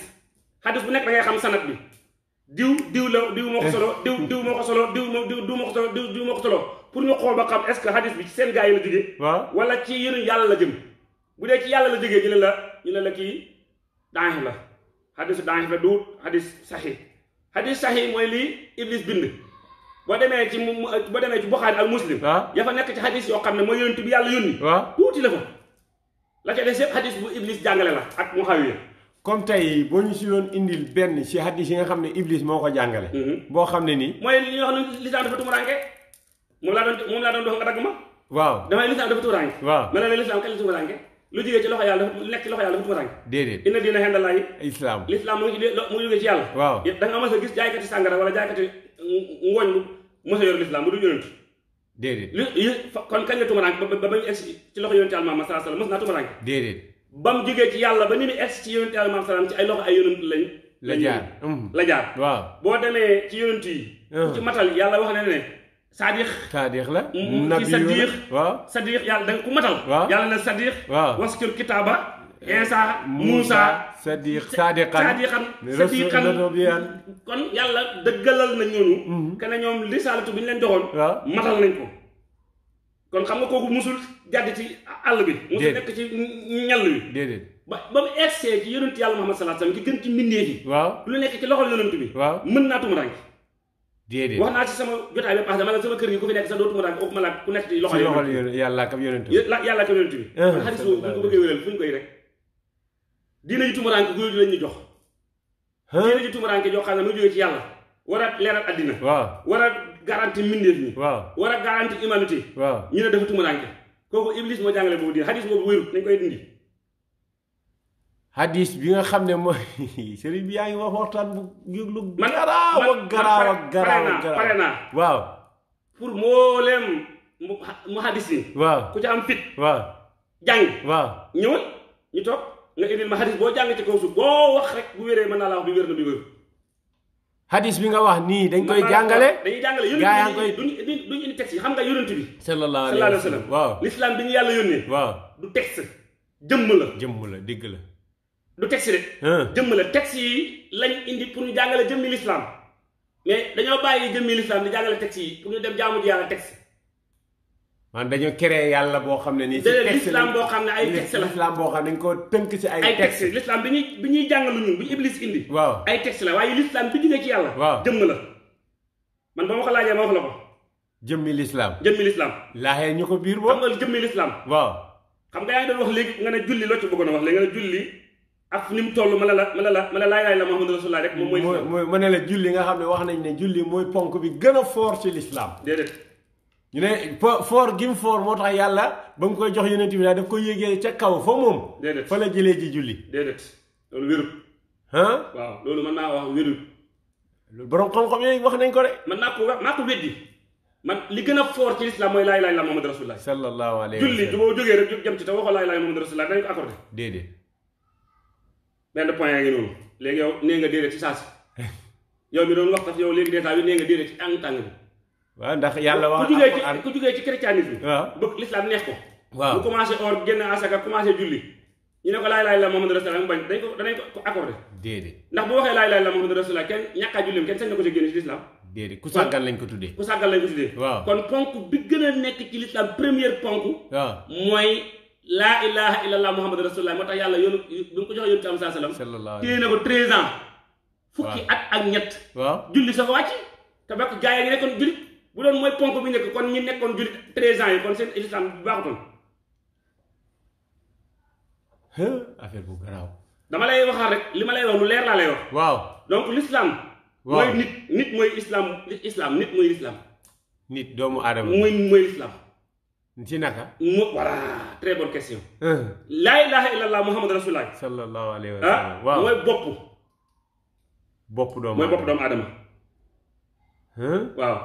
hadis bu nekk da ngay xam sanat bi diw diw la diw moo ko solo eh. diw diw moo ko solo diw moo diw diw moo ko solo pour ñu xool ba xam est ce que bi ci seen gars yi la jógee waaw wala ci yéen yàlla la jëm bu dee ci yàlla la jógee ñu ne la ñu ne la kii daanxe la hadis daanxe la du hadis saxi xadis saxiix mooy lii Iblis bind boo demee ci boo demee ci Buxaari ak Muslim ah. ya fa nekk ci xadis yoo xam ne mooy yonent bi yàlla yónni ah. tuuti la fa la ca des yëpp xadis bu Iblis jàngale la ak Muawiya comme tey boo ñu si doon indil benn si xadis yi nga xam ne Iblis moo ko jàngale mhm. boo xam ne nii mooy li ñoo xam ne lislaam dafa tumuraanke moom laa doon moom laa doon dox nga dagg ma waaw damay lislaam dafa tumuraanke waaw ma la lislaam lu jógee ci loxo yàlla lekk ci loxo yàlla dafa tumatànk déedéet inna diina xendalaay islam l'islam mu mu jógee a gis a yor la tumatànk ba ba ñu egsi ci loxo yonent yàlla maam salaam mas naa tumatànk déedéet ba mu jógee ci yàlla ba ni mu egsi ci yonent yàlla maam salaam ci ay loxo ay yonent lañ la jaar la jaar waaw boo demee ci yonent yi uh-huh. ci matal yàlla wax na ne saadix saadix la nabi saadix waaw saadix yàlla da nga ko waaw yàlla na saadix waaw waskur kitaaba eh, insa muusa sadiq sadiqan sadiqan sadiqan kon yàlla dëggalal na ñooñu mm-hmm. que ñoom lisaalatu bi ñu leen joxoon matal nañ ko kon xam nga kooku musul jàdd ci àll bi musul nekk ci ñall bi déedéet ba ba mu egsee ci yonent yàlla Muhammad sallallahu alayhi wasallam ki gën ci mbindee yi waaw lu nekk ci loxol yonent bi waaw mën naa tumu rànk déedéet wax naa ci sama jotaay a paas dama la sama kër gi ku fi nekk sax dootuma la ku nekk ci loxo yàlla ak yonent bi yàlla ah. ak yonent bi xadis boobu bu ñu ko bëggee wéral fu ñu koy rek diina ji tumuraanke góor jox ah. diina ji tumuraanke joo xam ne mu jógee ci war a leeral addina waaw war a garanti mbindeef ñi waaw war a garanti humanité waaw ñu ne dafa tumuraanke kooku iblis moo jàngale boobu diina xadis boobu wérut nañ koy dindi hadis bi nga xam ne mooy sëriñ bi yaa ngi wax waxtaan bu yëglu garaaw ak garaaw ak garaaw ak garaaw pare naa waaw pour mboolem mu hadis yi waaw ku ci am fit waaw jàng waaw ñëwal ñu toog nga indil ma hadis boo jàng ci kaw suuf boo wax rek bu wéree mën naa la wax bi wér na bi wér hadis bi nga wax nii dañ koy jàngale dañuy jàngale gaa yaa ngi koy duñu indi texte yi xam nga yonent bi sallallahu alayhi wa sallam waaw l'islam bi ñu yàlla yónnee waaw du texte jëmm la jëmm la dégg la du texte de. Ah. jëmm la texte yi lañ indi pour ñu jàngale jëmmi lislaam mais dañoo bàyyi jëmmi lislaam di jàngale texte yi pour ñu dem jaamu ji yàlla texte. man dañoo créé yàlla boo xam ne nii. ci texte lislaam boo xam ne ay texte la lislaam dañ koo tënk ci ay. texte lislaam bi ñuy bi ñuy jàngalu ñun bu iblis indi. waaw ay texte la waaye lislaam bi jógee ci yàlla. waaw jëmm la man ba ma ko laajee ma wax la ko. jëmmi lislaam jëmmi lislaam. laaxee ñu ko biir boo. xam nga jëmmi lislaam. waaw xam nga yaa ngi doon wax léegi nga ne julli loo ci bëggoon a wax léegi nga ne julli ak ni mu toll ma la ma ne la ma ne laa ilaha illa Muhammadu rasulullah rek moom mooy ma ne ne wax nañ ne julli mooy ponk bi gën a fort ci lislaam déedéet ñu ne fort gi mu fort moo tax yàlla ba nga jox yonent bi daal daf koy yéegee ca kaw fa fa la jëlee ji julli déedéet loolu wérut ah waaw loolu mën naa wax wérut ko man naa ko maa ko weddi man li gën a fort ci lislaam mooy laa ilaha illa Muhammadu rasulullah sallallahu alayhi julli du ma jógee rek jóg ci te waxoo laa ilaha illa Muhammadu dañ ko accordé déedéet benn point yaa ngi noonu léegi yow nee nga déedéet ci saasi yow mi doon wax taf yow léegi dèjà bi nee nga déedéet ci tàng tàng bi. waaw ndax yàlla wax ku ku jugee ci christianisme. waaw bëgg l'islam neex déedéet a jullim kenn sañ na ku sàggal lañ ko tuddee. ku sàggal lañ ko tuddee. kon ponk bi gën a nekk ci l'islam première ponk. waaw mooy. laa ilaha illallah muhammadu rasulullah moo tax yàlla yoonu bi mu ko joxee yónni am saa salaam. téye na ko treize ans. fukki at ak ñett. waaw julli sa ko wàcc. te ba gaa nekkoon jullit bu doon mooy ponk bi nekk kon ñi nekkoon jullit treize ans yi kon seen islam bu baaxutoon. affaire bu garaaw. dama lay waxaat rek li ma lay wax lu leer laa lay wax. waaw donc l'islam. waaw mooy nit nit mooy islam nit nit mooy islam. nit doomu aadama mooy mooy islam. ci naka. mu voilà très bonne question. laa ilaha illallah muhammad rasulullah. sallallahu alayhi ah, doomu mooy bopp doomu aadama. waaw.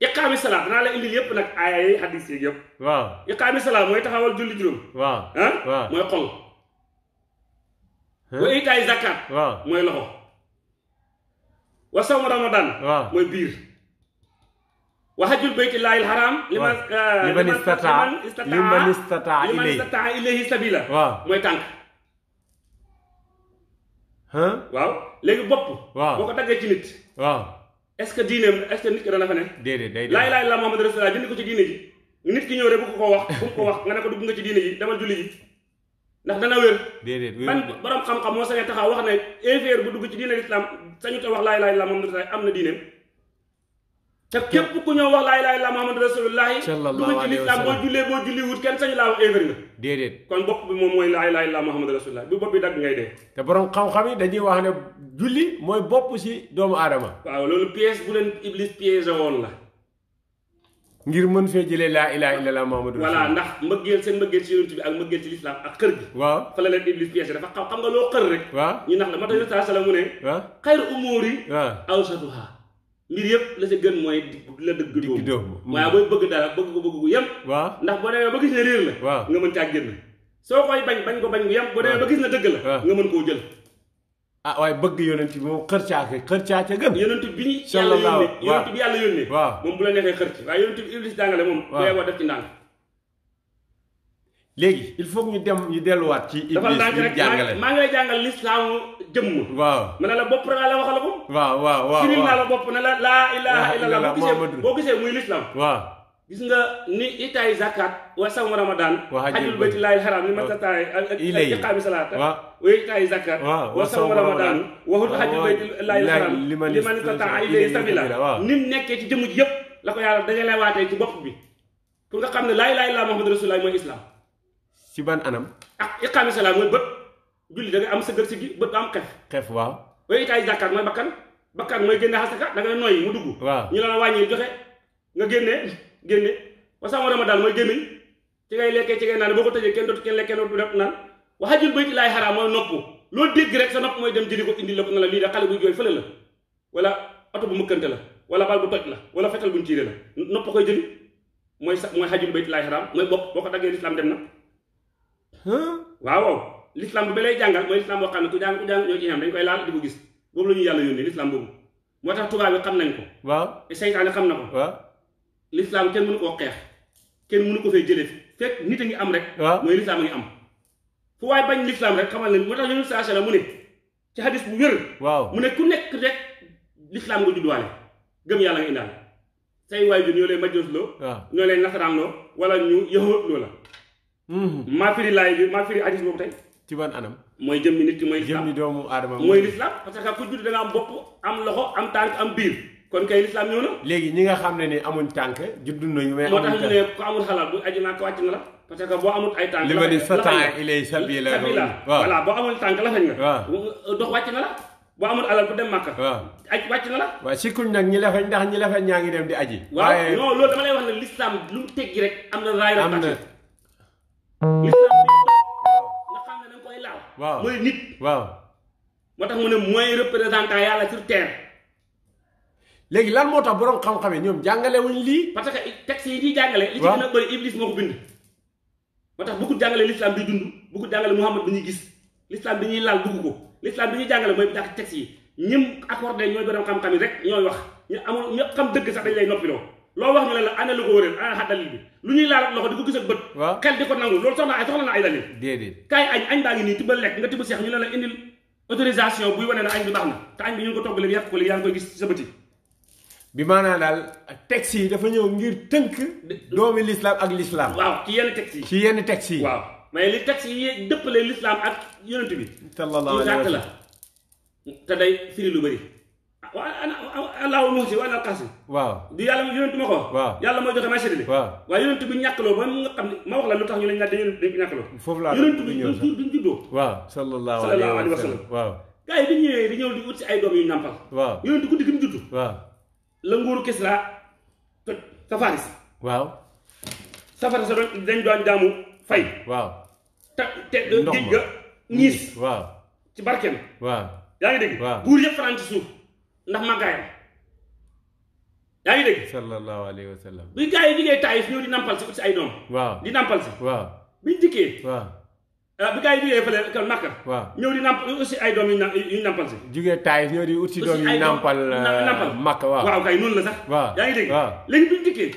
la indil yëpp nag aaya yi hadis yi yëpp. waaw iqaami salaat mooy taxawal julli juróom. waaw ah mooy xol. wa loxo. wa ramadan. waaw mooy biir. waxajul bayti laahil haram. liman uh, liman istataa liman istataa liman istataa ilayhi sabila. waaw mooy tànk. waaw léegi bopp. waaw boo ko daggee ci nit. waaw est-ce que diineem est-ce que nit ki dana fa ne. déedéet day déedéet laa ilaaha illallaah jënd ko ci diine ji. nit ki ñëw rek bu ko ko wax bu ko ko wax nga ne ko dugg nga ci diine ji demal julli ji. ndax dana wér. déedéet wér man borom xam-xam moo sañee taxaw wax ne inférieur bu dugg ci diine lislaam sañu te wax laa ilaaha illallaah Muhammad rasuulullaah am na diineem. te képp ku ñëw wax laa ilaaha illallaah muhammadu rasuulullaahi dugg ci lislaam boo jullee boo julli wut kenn sañu laa wax nga déedéet kon bopp bi moom mooy laa ilaaha illallaah muhammadu rasuulullaahi bu bopp bi dagg ngay dee te borom xam-xam yi julli mooy bopp si doomu aadama waaw loolu piège bu leen iblis piégé woon la ngir mën fee jëlee laa ilaaha illallaah muhammadu voilà ndax mbëggeel seen mbëggeel ci yonent bi ak mbëggeel ci lislaam ak xër gi waaw fa la leen iblis piégé dafa xam xam loo xër rek waaw ñu nax la ma tax sallam mu ne xayru mbir yëpp la sa gën mooy la dëgg dóomu waaw booy bëgg dara bëgg ko bëgg gu yem ndax boo demee ba gis ne réer la nga mën caa génn soo koy bañ bañ ko bañ gu yem boo demee ba gis ne dëgg la nga mën koo jël ah waaye bëgg yonent bi moom xër caa ko xër caa ca gën yonent bi ñu yàlla yónnee yonent bi yàlla yónnee moom bu la neexee xër ci waaye yonent bi iblis dangale moom booy boo def ci ndànk léegi il faut que ñu dem ñu delluwaat ci. iblis ñu jàngale maa ngi lay jàngal lislaam ma ne la bopp la la waxal ko. waaw waaw waaw la bopp ne la laa ilaha illallah boo gisee boo gisee muy lislaam waaw gis nga ni itaay zakat wa sawm ramadan. hajjul baytillaahil haraam ni man tataay ak iqaami salaat wa itaay zakat wa sawm ramadan wa hajjul baytillaahil haraam liman tataay ilayhi sabila nim nekkee ci jëmm yëpp la ko yàlla dajale waatee ci bopp bi pour nga xam ne laa ilaaha illallah muhammadu rasulullah mooy ci ban anam. ak ah, iqaami salaam mooy bët julli da am sa gërsëg gi bët du am xef. xef waaw. waaye itaay zakaat mooy bakkan bakkan mooy génne xasaka ka nga nooy mu dugg. waa ñu la la wàññi joxe nga génne génne wasaama ramadan mooy gémmiñ ci ngay lekkee ci ngay naan boo ko tëjee kenn dootu kenn lekkee dootu def naan waxajul bayt laay xaraam mooy nopp loolu dégg rek sa nopp mooy dem jëli ko indi la ko na la lii da xale bu jooy fële la wala oto bu mëkkante la wala bal bu toj wala fetal buñ tiire la nopp koy jëli mooy sa mooy xajul bayt laay xaraam mooy bopp boo ko daggee lislaam dem na waaw l'islam bu ba lay jàngal mooy l'islam boo xam ne ku jàng ku jàng laal di ko gis boobu la ñu yàlla yónnee l'islam boobu moo tax tubaab yi xam nañ ko waaw seytaane xam na ko waaw l'islam kenn mënu ko xeex kenn mënu ko fay jëlee fekk nit a ngi am rek mooy l'islam a ngi am fu waaye bañ l'islam rek xamal ne moo tax yonent saa mu ne ci hadis bu wér waaw mu ne ku nekk rek l'islam nga juddwaale gëm yàlla nga indaal say waay jur ñoo lay majjoos loo ñoo lay nasaraan loo wala ñu yëxóot loo la Mm-hmm. maa firi laay bi maa firi hadis boobu tey. ci anam. mooy jëmmi nit ki mooy. lislaam jëmmi doomu aadama mooy lislaam parce que ku judd da nga am na. léegi ñi nga xam ne ni amuñ tànk juddu nañu moo tax ñu ne ku amul xalaat bu parce que boo amul ay tànk. li ma di satan ilay sabila voilà la. boo amul alal bu dem Màkka. waaw aj wàcc na la. ñaa ngi dem di aji. waaye waaw non loolu dama ne am na raay. am na islam nga xam ne da nga koy waaw mooy tax mu ne mooy représentant yàlla sur terre. léegi lan moo tax borom xam-xame ñoom jàngale wuñ parce que texte yi ñuy jàngale. li ci gën a bëri iblis moo ko bind. moo tax bëggu jàngale l'islam bi dund bëggu jàngale Muhammad bi ñuy gis l'islam bi ñuy laal bëggu ko l'islam bi ñuy jàngale mooy dàq texte yi ñim accordé ñooy borom xam-xam yi rek ñooy wax ñu amul ñëpp xam dëgg sax dañ lay noppiloo. loo wax ñu ne la ana lu ko wëral ana ah, xaddal bi lu ñuy laal ak loxo di ko gis ak bët xel di ko nangu loolu soxla ay soxla na ay dalil déedéet kaay añ añ baa ngi nii tibbal lekk nga tibb seex ñu ne la indil autorisation buy wane na añ bi baax na te añ bi ñu ko togg leen yàq ko li yaa ngi koy gis sa bëti bi maanaa daal texte yi dafa ñëw ngir tënk doomi lislaam ak lislaam waaw ci yenn texte yi ci yenn texte yi waaw mais li texte yi dëppale lislaam ak yonent bi sallallahu alayhi wa sallam la te day lu bëri wa allahu muxsi wa ana alxaasi waaw du yàlla yonentu ma ko waaw yàlla moo joxe may séddale waaw waaye yonentu bi ma wax la lu tax ñu lañ naan dañu dañ ñàkkloo foofu laa yonentu bi duñ juddoo waaw sallallahu alayhi wa waaw gars yi ñëwee di ñëw di wut si ay doom yu nàmpal waaw yonentu guddi gi mu judd waaw la nguuru Kisra toj safaris waaw safaris sa dañ doon jaamu fay waaw te te géej ga ñiis waaw ci barkeem waaw yaa ngi dégg buur yëpp fanaan suuf ndax màggaayam yaa ngi dégg. sallallahu alayhi wa sallam. bi gaa yi jógee Taayif ñëw di nampal si ut si ay doom. waaw di nampal si. waaw biñ dikkee. waaw euh, bi gaa yi jógee fële waaw ñëw di namp si ay doom yu ñu nampal si. jógee Taayif ñëw di ut si doom yu nampal. Euh, nampal waaw. kay noonu la sax. waaw yaa ngi dégg. waaw léegi biñ dikkee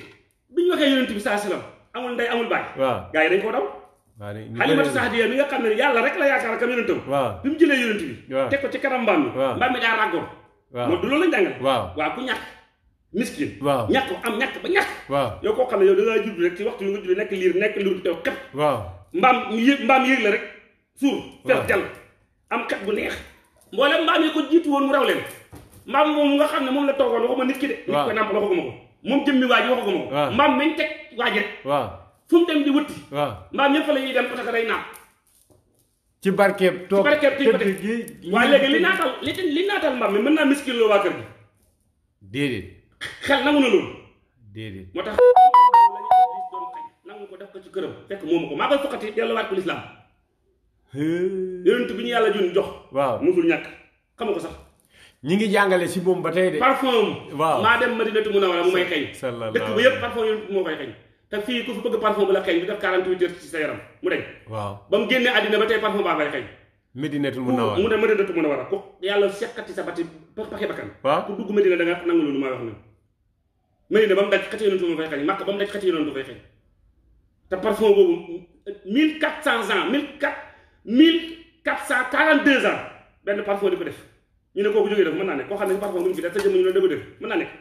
biñ waxee yonent bi saa salaam amul ndey amul baay. waaw gaa yi dañ koo daw. waaw léegi ñu Xalimatu Sahdiya mi nga xam ne yàlla rek la yaakaar ak yonentam. waaw bi mu jëlee yonent bi. teg ko ci kanam mbaam mi. mbaam mi daa ràggoo waaw loolu du loolu lañ jàngale. waaw waaw ku ñàkk miskin. waaw ñàkk am ñàkk ba ñàkk. waaw yow koo xam ne yow da ngaa judd rek ci waxtu yu nga judd nekk liir nekk liir teew xet. waaw mbaam yë mbaam yëg la rek suur. waaw fer jàll am xet bu neex. mboolem mbaam yi ko jiitu woon mu rew leen mbaam moom nga xam ne moom la toogoon waxuma nit ki de. waaw nit ko nàmp waxaguma ko moom jëmmi waa ji waxaguma ko. waaw mbaam meñ teg waa rek. waaw fu mu dem di wëtti. mbaam ñëpp la ñuy dem parce que day ci barkeeb toog tëdd gi waaye léegi li naatal li li naatal mbaam mi mën naa miskil loo waa kër gi déedéet xel nangu na loolu déedéet moo tax nangu ko def ko ci këram fekk moomu ko maa koy fokkati delluwaat ko bi ñu yàlla jun jox waaw musul ñàkk xam ko sax ñi ngi jàngale si moom ba tey de parfum waaw maa dem Madinatu Munawwara mu may xeeñ dëkk ba yëpp parfum yonent moo koy xeeñ te fii ku fi bëgg parfum bu la xeeñ du def 48 heures ci sa yaram mu deñ waaw ba mu génnee àddina ba tey parfum baa bay xeeñ medinatul munawwara mu ne medinatul ku yàlla seqati sa bati paxe na medina ba mu daj mille quatre cent ans mille quatre mille quatre cent quarante deux ans benn parfum di ko def ñu ne kooku jógee def mën naa ne koo xam ne parfum bu ñu fi def sa jëmm ñu ne dëgg def mën naa nekk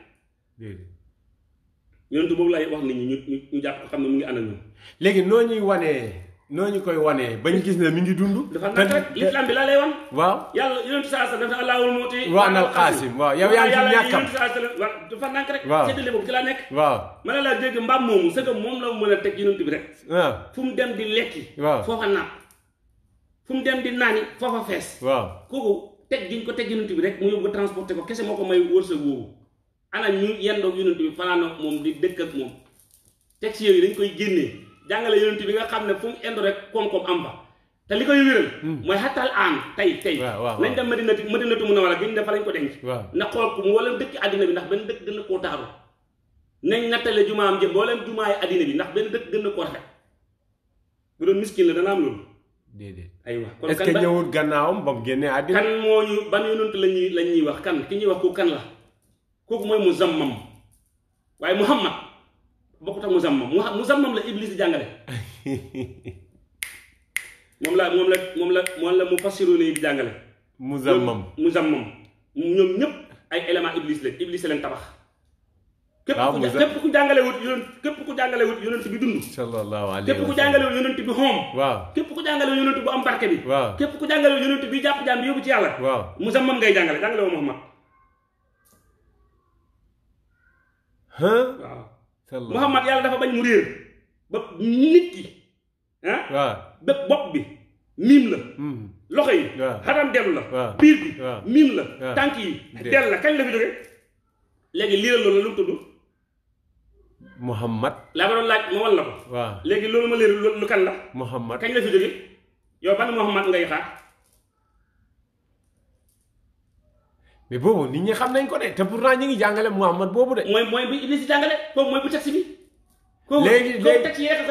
yonentu boobu lay wax nit ñi ñu ñu jàpp ko xam ne mu ngi ànd ak ñoom. léegi noo ñuy wanee noo ñu koy wanee bañ gis ne mi ngi dund. dafa nag rek l'islam bi laa lay wan. waaw yàlla yonentu saa sa dafa allahul muuti. wa anal xaasim waaw yow yaa ngi ci ñàkkam waaw dafa nag rek. waaw séddale boobu ci laa nekk. waaw ma ne laa dégg mbaam moomu sëga moom la mën a teg yonent bi rek. waaw ah. fu mu dem di lekki. waaw foofa napp fu mu dem di naani foofa fees. waaw kooku teg giñ ko teg yonent bi rek mu yóbbu transporté ko kese moo ko may wërsëg woowu ana ñu yendoog yonent bi fanaanoog moom di dëkk ak moom texte yooyu dañ koy génnee jàngale yonent bi nga xam ne fu mu rek koom-koom am fa te li koy wéral hmm. mooy xatal aan tey tey nañ dem madinati madinatu munawwara gi ñu dafa lañ ko denc na xool ko mu wala dëkk àddina bi ndax benn dëkk a koo taaru nañ nattale jumaam jëm boo leen jumaayi àddina bi ndax benn dëkk gën a koo rafet bu doon miskin la dana am loolu déedéet aywa kon kan est-ce que ñëwul gannaawam ba kan moo ñu ban yonent lañuy la ñuy wax kan ki ñuy wax ku kan la kooku mooy muzammam waaye muhammad bokkut ak muzammam muzammam la iblis di jàngale moom la moom la moom la moom la mu fassiru nii di jàngale muzammam muzammam ñoom ñëpp ay élément iblis la iblis leen tabax képp képp ku jàngale wut yonent képp ku jàngale wut yonent bi dund sallallahu alayhi képp ku jàngale wut yonent bi xoom waaw képp ku jàngale wut yonent bu am barke bi waaw képp ku jàngale wut yonent bi jàpp jaam bi yóbbu ci yàlla waaw muzammam ngay jàngale jàngale woo muhammad waaw. Muhammad yàlla dafa bañ mu réer ba nit ki ah. waaw bopp bi miim la. Hmm. loxo yi. waaw dellu la. biir bi. miim la. tànk yi dellu la kañ la fi jóge léegi lii la loolu lu mu tudd. Muhammad. laa ma doon laaj ma wan ko. léegi loolu ma leer lu kan la. Muhammad kañ la fi jóge yow ban Muhammad ngay xaar. mais boobu nit ñi xam nañ ko de te pourtant ñi ngi jàngale Mouhamad boobu de. mooy mooy bi Iblis di jàngale boobu mooy bu texte bi. léegi léegi texte yi rek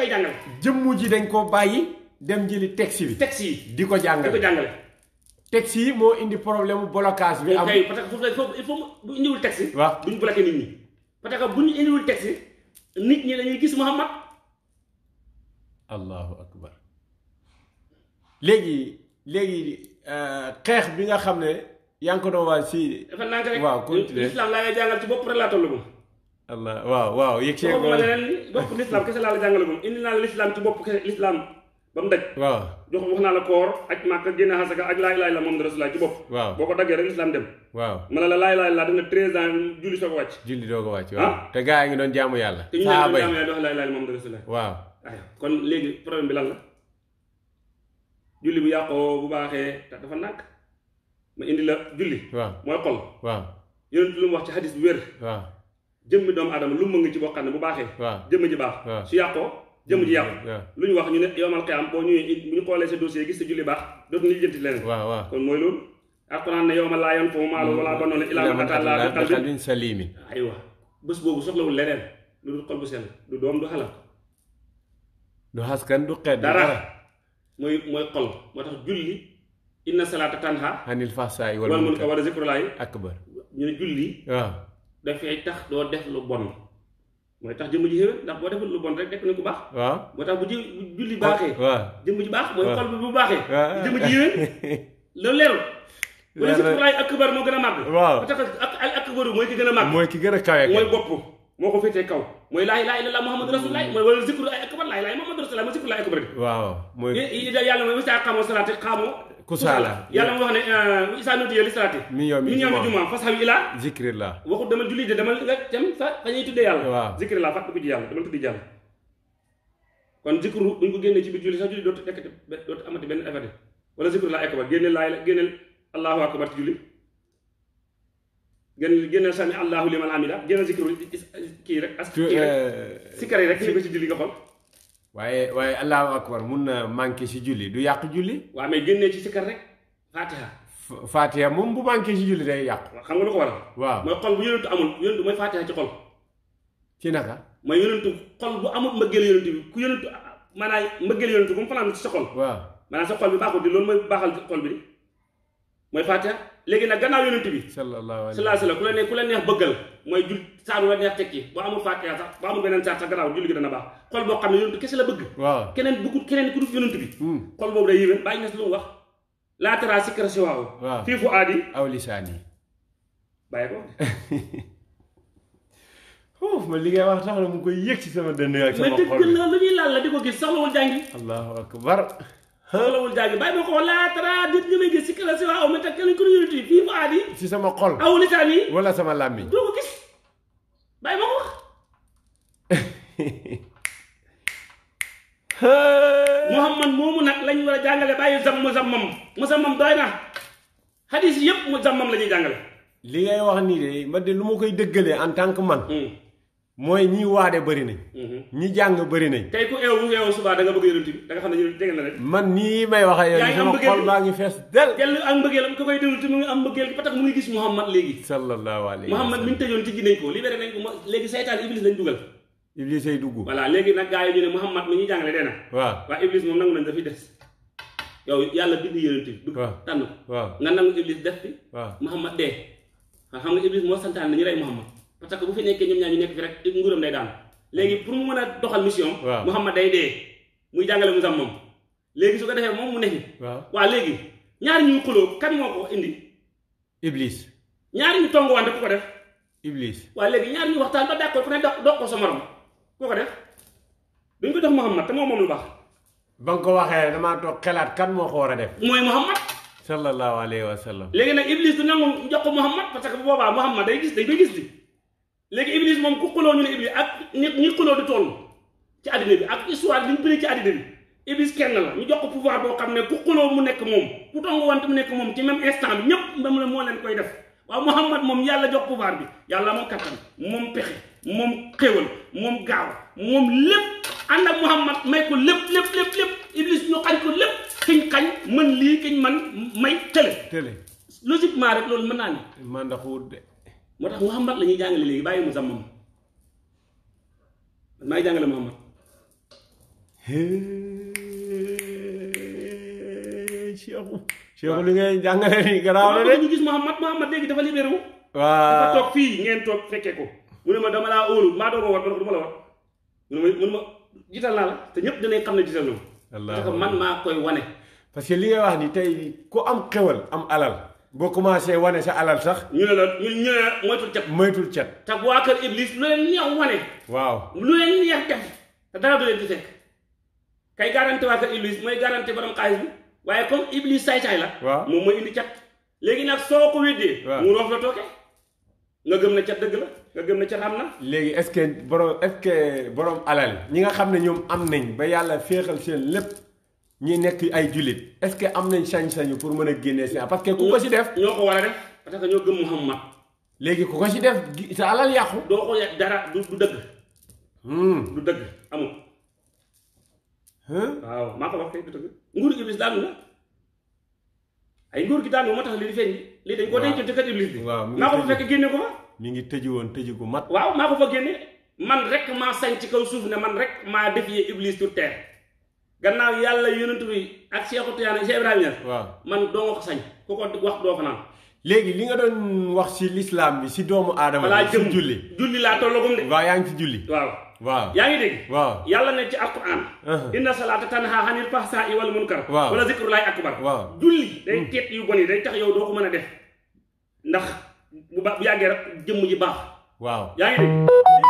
koy dañ koo bàyyi dem jëli texte bi. texte yi di ko jàngale ko jàngale. texte yi moo indi problème mu blocage bi. am parce que foofu il faut bu indiwul texte yi. waaw duñ bloqué nit ñi. parce que bu ñu indiwul texte yi nit ñi dañuy gis Mouhamad. allahu akbar léegi léegi euh, xeex bi nga xam ne. yaa ngi ko doon waaj fii. dafa nànk rek waaw continué islam laa lay jàngal ci bopp rek laa toll moom. allah waaw waaw yëg see ko laa la jàngal moom indi naa la l'islam ci bopp kese naa la koor ak màkk génne xasaka ak laay laay la moom rasulullah ci bopp. waaw boo ko daggee rek l'islam dem. waaw ne la laay laay laa def na ans julli soo ko wàcc. julli doo ko wàcc waaw ah. te gaa yi ngi doon jaamu yàlla. saa bay te ñu ngi doon jaamu la moom kon léegi problème bi lan la julli bu yàqoo bu baaxee dafa nàkk ma indi la julli. waa mooy xol. waaw yonent lu mu wax ci hadis bu wér. waaw jëmmi doomu aadama lu mu mën nga ci boo xam ne bu baaxee. waaw jëmm ji baax. waaw su yàqoo jëmm ji yàqu. lu ñu wax ñu ne yowmal qiyaam boo ñëwee bu ñu xoolee sa dossier gis sa julli baax dootuñu jënti leneen. waaw waaw kon mooy loolu. alquran ne yawma laa yanfa'u maalun walaa banuun illaa man ataa bi qalbin saliim. aywa bés boobu soxlawul leneen lu dul xol bu sell du doom du xalaat. du xaskan du xeet. dara mooy mooy xol moo tax julli inna salaata tanha anil fahsaa'i wal munkar wala zikrullaahi akbar ñu ne julli ah. lu bon mooy tax jëmm ji xéwén ndax boo deful ah. moo bu ji julli baaxee waaw ah. jëmm baax bu baaxee jëmm ji xéwén loolu leerul wala gën a màgg waaw ba mooy ki gën a màgg mooy ki gën a kawe mooy bopp moo ko féetee kaw mooy laa ilaaha laa ilaaha muhammadu waaw mooy yàlla mooy wasaa xaamoo salaate xaamoo kusaala yàlla mu wax ne isaa euh, nuuti yow lislaati mi yow mi jumaa fas xaw ilaa zikrillah waxut dama julli de dama nga tam fa fa ñuy tuddee yàlla waaw zikrillah fàtt ko yàlla dama tuddi yàlla kon zikru buñ ko génnee ci biir julli sax julli dootu nekkati dootu amati benn effet wala zikrullah akbar génne laay la génneel allahu akbar ci julli génn génn sami allahu liman amida génn zikru kii rek as kii rek euh, sikar rek ko ci julli nga xool waaye waaye allahu akbar mun na manqué si julli du yàq julli. waaw mais génnee ci sikkar rek fatiha. fatiha moom bu manqué si julli day yàq. xam nga lu ko waral. waaw mooy xol bu yonentu amul yonentu mooy fatiha ci xol. ci naka. mooy yonentu xol bu amul mbëggeel yonentu bi ku yonentu maanaam mbëggeel yonentu bu mu fanaan ci sa xol. waaw maanaam sa xol bi baaxul di loolu mooy baaxal xol bi mooy fatiha léegi nag gannaaw yonentu bi. sallallahu alayhi wa sallam ku la neex ku la neex bëggal mooy jul saa nu la neex tekki boo amul fàkkiya sax boo amul beneen saar sax gannaaw julli gi dana baax xol boo xam ne yonent kese la bëgg waaw keneen bëggul keneen ku dul yonent bi hmm. xol fii fu aadi ko li ngay wax tax na mu koy yëg ci sama dënd xol ko gis soxlawul jàngi allahu akbar ko laa tara dit ñu may gis sikkara si waaw mais teg sama xol aw lisaan yi wala sama làmmiñ doo ko gis bàyyi ma ko wax Muhammad moomu nag lañ war a jàngale bàyyi zam mu zammam mu doy na xadis yëpp mu zammam la ñuy jàngale li ngay wax nii de ma de lu ma koy dëggalee en tant que man hmm. mooy ñi waade bëri nañ. Mm-hmm. ñi jàng bari nañ. tey ku eew bu nga eewoon da bëgg yonent bi da xam ne yonent jege na rek. man nii may wax ak yow. yaa sama maa ngi fees del. del ak mbëggeelam koy déglu te mu ngi am mbëggeel ba mu ngi gis Muhammad léegi. sallallahu alayhi wa sallam Muhammad mi ñu tëjoon tijji nañ ko libéré nañ ko ma léegi dugg. voilà léegi nag gars yi ñu ne Muhammad mi ñuy jàngale dee na. waaw waaw iblis moom nangu nañ dafay des. yow yàlla bind yonent bi. waaw tànn ko. waaw nga nangu iblis def bi. waaw Muhammad dee. xam nga iblis moo santaan nañu rey Muhammad parce que bu fi nekkee ñoom ñaar ñu nekk fi rek nguuram day daan léegi pour mu mën a doxal mission. waaw Mouhamad day dee muy jàngale mu sam moom léegi su ko defee moom mu ne fi. waaw waaw léegi ñaari ñuy xuloo kan moo ko indi. Iblis. ñaari ñu tongu wante ku ko def. Iblis waa léegi ñaari ñu waxtaan ba d'accord ku ne dox dox ko sa morom ku ko def duñ ko dox Mouhamad te moom moom lu baax. ba nga ko waxee damaa toog xelaat kan moo ko war a def. mooy Mouhamad. sallallahu alayhi wa sallam. léegi nag Iblis du nangu jox ko Mouhamad parce que bu boobaa Mouhamad day gis day gis li. léegi Iblis moom ku xuloo ñu ne Iblis ak ñi ñi xuloo di toll ci àddina bi ak histoire li mu bëri ci àddina bi Iblis kenn la ñu jox ko pouvoir boo xam ne ku xuloo mu nekk moom ku tongu wante mu nekk moom ci même instant bi ñëpp moom la moo leen koy def waaw moom yàlla jox pouvoir bi yàlla moom kattan moom moom xéwal moom gaaw moom lépp ànd ak Muhammad may ko lépp lépp lépp lépp Iblis ñu ko lépp kiñ xañ lii kiñ man may tële. tële rek loolu mën naa ne. man moo tax Muhammad la ñuy jàngale léegi bàyyi musammam man maa ngi jàngale Muhammad Cheikhou Cheikhou li ngay ñu gis Muhammad Muhammad léegi dafa libéré wu dafa toog ko mu ne te ñëpp dinañ xam ne jiital na ma man maa koy wane parce que li ngay wax ni tey ku am xewal am alal boo commencé wane sa alal sax. ñu ne la ñu ñu ne moytul cat. moytul cat. te waa kër Iblis lu leen neex wane. waaw lu leen neex def te dara du leen di fekk kay garanti waa kër Iblis mooy garanti borom xaalis bi waaye comme Iblis saay-saay la. waaw moom mooy indi cat. léegi nag soo ko weddee. waaw mu roof la tooke. nga gëm na cat dëgg la nga gëm na cat am na. léegi est-ce que borom est-ce que borom alal ñi nga xam ne ñoom am nañ ba yàlla féexal seen lépp. ñi nekk ay jullit est-ce que am nañ sañ-sañu pour mën a génnee seen parce que ku ko si def. ñoo ko war a def parce que ñoo gëm Muhammad. léegi ku ko si def sa alal yàqu. doo ko dara du du dëgg. Hmm. du dëgg amul. waaw maa ko dëgg nguur iblis daanu la ay nguur gi daanu moo tax li di feeñ lii dañ ko denc dëkkat bi. waaw maa ko fa génne ko fa. ngi tëji woon tëji gu mat. waaw maa ko fa génne man rek maa sañ ci kaw suuf ne man rek maa défier iblis sur terre. gannaaw yàlla yonent bi ak Cheikh Tidiane Cheikh Ibrahima waaw man doo ko sañ ku ko wax doo fa léegi li nga doon wax ci lislaam bi ci doomu aadama laa jëm julli julli laa tollagum de waaw yaa ngi ci julli waaw waaw yaa ngi dégg waaw yàlla ne ci alquran uh-huh. inna salaata tanha anil fahsaa'i wal munkar waaw wala zikrullaahi akbar waaw julli day hmm. teet yu bon yi day tax yow doo ko mën a def ndax bu ba bu yàggee rek jëmm ji baax waaw yaa ngi dégg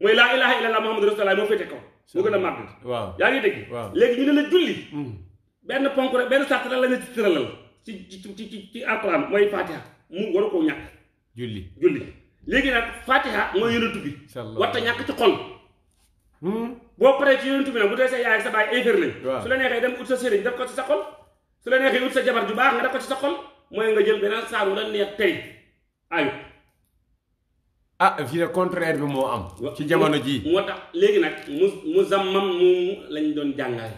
mooy laa ilaha illallah muhammadu rasulullah moo féete kaw moo gën a màgg waaw yaa ngi dégg léegi ñu ne la julli hmm. benn ponk rek benn sàrt la ñu ci tëralal ci ci ci ci alquran mooy fatiha mu waru koo ñàkk julli julli léegi nag fatiha mooy yonentu bi warta ñàkk ci xol hmm? boo paree ci yonentu bi nag bu dee sa yaay ak sa baay infir lañ su la neexee dem ut sa sëriñ def ko ci sa xol su la neexee ut sa jabar ju baax nga def ko ci sa xol mooy nga jël beneen saar wu la neex tey ah fii contraire bi moo am. ci jamono jii moo tax léegi nag mu mu zammam moomu doon jàngale.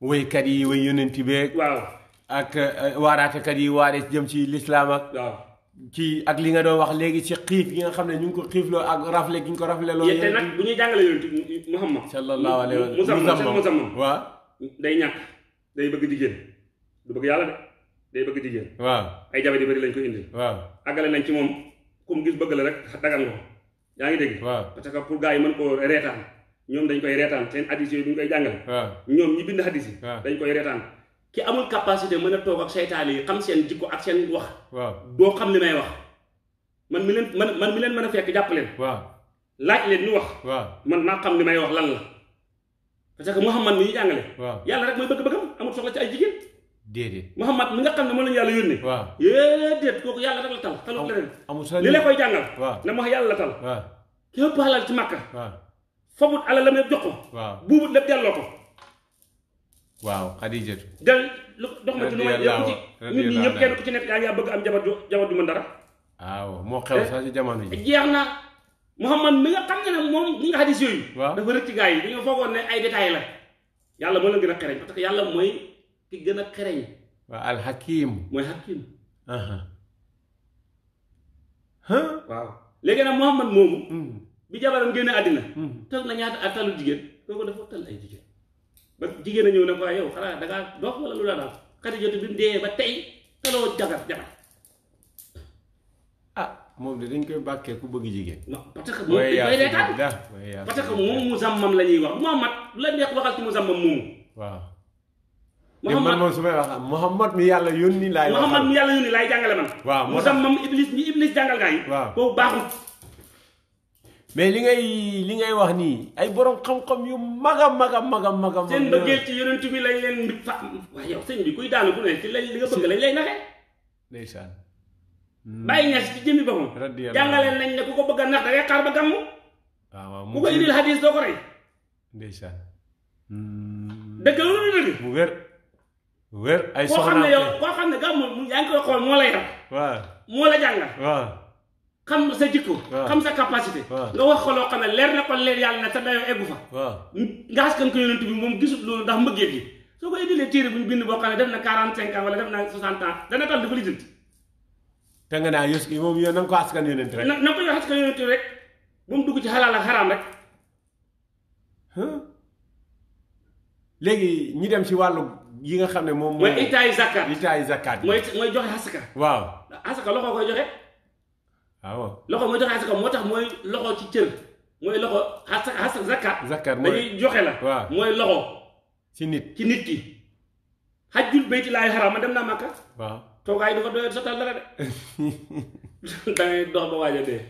woykat yi woy yonent beeg. waaw ak eh, waaraatekat yi waare jëm ci lislaam ak. waaw ci ak li nga doon wax léegi ci xiif gi nga xam ne ñu ngi ko xiifloo ak rafle gi ñu ko rafle loo. yéen nag bu ñuy jàngalee yonent Muhammad. sallallahu alayhi wa sallam muzammam muzammam waaw. day ñàkk day bëgg jigéen du bëgg yàlla de day bëgg jigéen. waaw ay jafe-jafe lañ ko indi. kum gis bëgg la rek dagal nga ko yaa ngi dégg parce que pour gars yi mën koo reetaan ñoom dañ koy reetaan seen hadis yooyu bu ñu koy ñoom ñi bind hadis yi dañ koy reetaan ki amul capacité mën a toog ak yi xam seen jikko ak seen wax doo xam li may wax man mi leen man man mi leen mën a fekk jàpp leen laaj leen ñu wax man naa xam li may wax lan la parce que Muhammad mi ñu jàngale yàlla rek mooy bëgg-bëggam amul soxla ci ay jigéen déedéet Muhammad mi nga xam ne moom lañu yàlla yónnee. waaw déedéet kooku yàlla rek la tal talut leneen. amul sa li la koy jàngal. waaw ma yàlla la tal. waaw képp alal ci màkka. waaw la ko. waaw buubut lépp delloo ko. waaw dox ma ci lu may ñëpp kenn ku ci nekk yaa ngi bëgg am jabar ju jabar ju mën moo xew sax ci jamono ji. na Muhammad mi nga xam ne nag moom mi nga yooyu. dafa rëcc gaa yi dañoo foogoon ne ay détails la. yàlla moo la gën a xereñ que yàlla mooy ki gën a xereñ waaw alxakim mooy xakim waaw léegi nag Muhammad moomu hmm. bi jabaram génne àddina hmm. toog na at talu jigéen kooku dafa tal ay jigéen ba jigéen a ñëw ne ko yow xanaa dangaa dox wala lu la daal Xadijatu bi mu dee ba tey taloo jagar jabar ah moom de dañ koy bàkkee ku bëgg jigéen. non parce moom dañ koy reetaan parce que moom wax Muhammad ci musammam moomu Muhammad man moom su may wax Muhammad mi yàlla yónni laay wax Muhammad mi yàlla yónni laay jàngale man. waaw moo tax moom iblis yi. waaw boobu baaxut. mais li ngay li ngay wax nii ay borom xam-xam yu mag a mag a mag a mag a. seen mbëggeel ci yonent bi lañ leen mbir bi kuy daanu ku ne ci lañ lay naxee. Hmm. nañ ne ku ko bëgg nax da ngay xaar ba gàmmu. waaw waaw ku ko indil hadis doo ko rey. ndeysaan. dëgg la wala wér ay soxna koo xam ne yow koo xam ne gàmmu yaa ngi koy xool moo la yar. waaw moo la jàngal. waaw xam sa jikko. xam sa capacité. nga wax ko loo xam ne leer na ko leer yàlla na sa dayoo eggu fa. waaw nga askan ko yonent bi moom gisut loolu ndax mbëggeel gi soo ko indilee téere bu ñu bind boo xam ne def na quarante cinq ans wala def na soixante ans dana tax dafa lijjanti. te nga naa yus moom yow na nga ko askan yonent rek. na na nga ko yow askan yonent rek bu mu dugg ci xalaal ak xaraam rek. léegi ñi dem ci wàllu. yi nga xam ne moom mooy itaay zakat itaay zakat mooy mooy joxe asaka waaw asaka loxo koy joxe waaw loxo mooy joxe asaka moo tax mooy loxo ci cër mooy loxo asaka asaka zakat zakat dañuy joxe la waaw mooy loxo ci nit ci nit ki xajjul bayti laay xaraam man dem naa màkka waaw toogaay du fa doy sotal dara de da ngay dox ba waaj a dee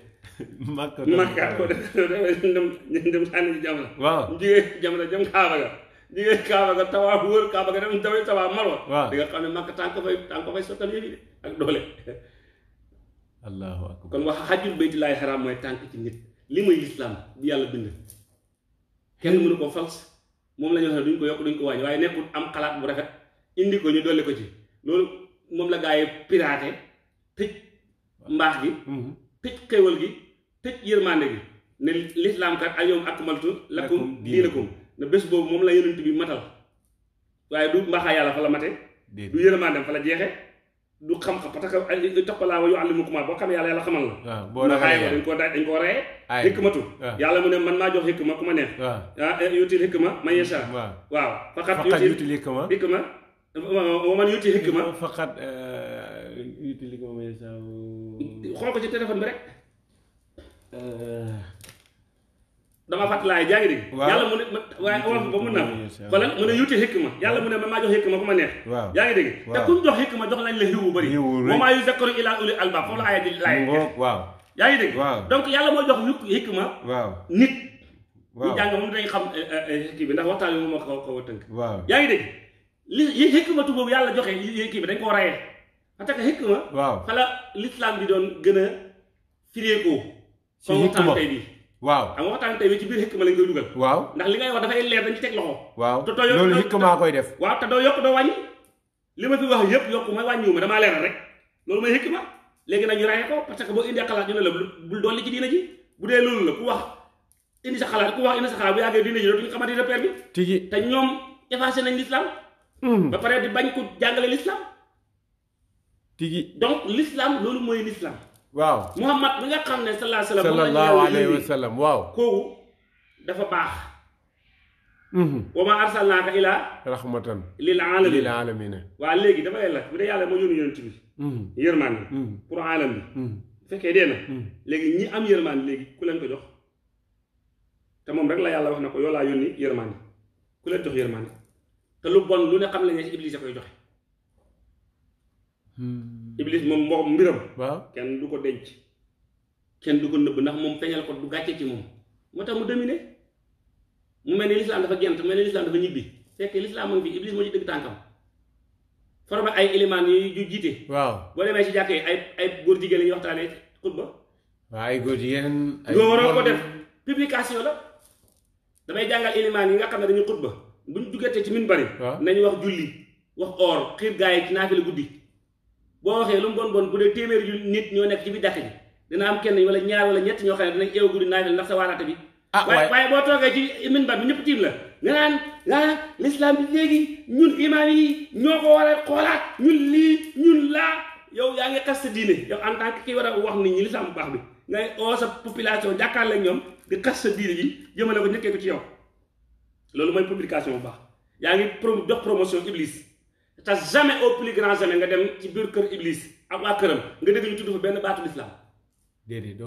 màkka màkka ko dem dem sànni ji jam la waaw jigéen jam la jëm xaaba ga di nga kaaba nga tawaaf wër kaaba nga dem dawee tawaaf marwa waaw di xam ne màkk tànk fay tànk fay sottal yëfi de ak doole allahu akbar kon wax xajul baytillaahi xaraam mooy tànk ci nit li mooy lislaam bi yàlla bind kenn mënu ko fals moom la ñu ne duñ ko yokk duñ ko wàññi waaye nekkul am xalaat bu rafet indi ko ñu dolli ko ci loolu moom la gaa yi piraté tëj mbaax hmm. gi tëj xéwal gi tëj yërmande gi ne lislaam kat al yawma akmaltu lakum diinakum ne bés boobu moom la yonent bi matal waaye du mbaaxaa yàlla fa la mate du yërëmaandem fa la jeexe du xam-xam parce que toppalaa wa yu àllimukumaa boo xam yàlla yàlla ah, ah. ma neex ah. eh, yutil xikma man yasha waaw eh, ko ci téléphone bi rek eh. damaa fàttalaay jaa ngi dégg yàlla mu ne waaye wolof ba mun naa xoolal mu ne yuti xikma yàlla mu ne man maa jox xikma ku ma neex yaa ngi dégg te ku ñu jox xikma jox lañ la xiw bu bëri wa maa yuzakkaru illaa ulul albaab foofu la aaya di xam eh, eh, eh, kii bi ndax waxtaan ma moom tënk yaa ngi li yi xikmatu boobu yàlla joxe kii bi dañ koo rayee parce que xikma xala l'islam bi doon gën a firéekoo comme waxtaan tey bi waaw xam nga waxtaan tey ci biir xikma lañ koy dugal waaw ndax li ngay wax dafay leer dañu teg loxo waaw te doo yokk loolu koy def waaw te doo yokk doo wàññi li ma fi wax yëpp yokk ma wàññiwu ma damaa leer rek loolu mooy xikma léegi nag ñu raye ko parce que boo indee xalaat ñu ne la bul dolli ci diina ji bu dee loolu la ku wax indi sa xalaat ku wax indi sa xalaat bu yàggee diina ji dootuñu xamante repère bi tigi te ñoom effacé nañ l'islam hmm. ba pare di bañ ko jàngale l'islam tigi donc l'islam loolu mooy l'islam waaw Muhammad bi nga xam ne sallallahu alayhi wa sallam waaw kooku dafa baax mhm. wa ma arsalnaaka ilaa rahmatan lil alamin lil alamin waaw léegi dafa lay laaj bu dee yàlla moo yónni yonent bi mhm. yërmaande mhm. pour alam bi fekkee dee na léegi ñi am yërmaande léegi ku leen ko jox te moom rek la yàlla wax na ko yow laa yónni yërmaande ku leen jox yërmaande te lu bon lu ne xam ne Iblis a koy joxe hmm. iblis moom moom mbiram. waaw kenn du ko denc. kenn du ko nëbb ndax moom feeñal ko du gàcce ci moom moo mu dominé mu mel ni lislaam dafa gent mu mel ni lislaam dafa ñibbi fekk lislaam moom fi iblis moo ci dëgg tànkam forme ay éléments yu jiite. waaw boo demee ci jàkkee ay ay góor jigéen la ñuy waxtaanee xutba. waaw ay góor jigéen. ay waroon ko def publication la damay jàngal éléments yi nga xam ne dañuy xutba bu ñu dugatee ci min bari. nañu wax julli wax or xiir boo waxee lu mu bon bon bu dee téeméer yu nit ñoo nekk ci biir dàq ji dina am kenn wala ñaar wala ñett ñoo xam ne dinañ eew guddi naafil ndax sa waaraate bi ah, waaye waaye boo toogee ci minbar bi ñëpp tiim la nga naan ah l'islam bi léegi ñun imaam yi ñoo ko war a xoolaat ñun lii ñun laa yow yaa ngi xas sa diine yow en tant que kii war a wax nit ñi l'islam bu baax bi ngay oo sa population jàkkaarloo ak ñoom di xas sa diine ji jëmale ko njëkkee ko ci yow loolu mooy bu baax yaa ngi pro jox promotion iblis te jamais au plus grand nga dem ci biir kër Iblis ak waa këram nga dégg ñu tudd fa benn baatu lislaam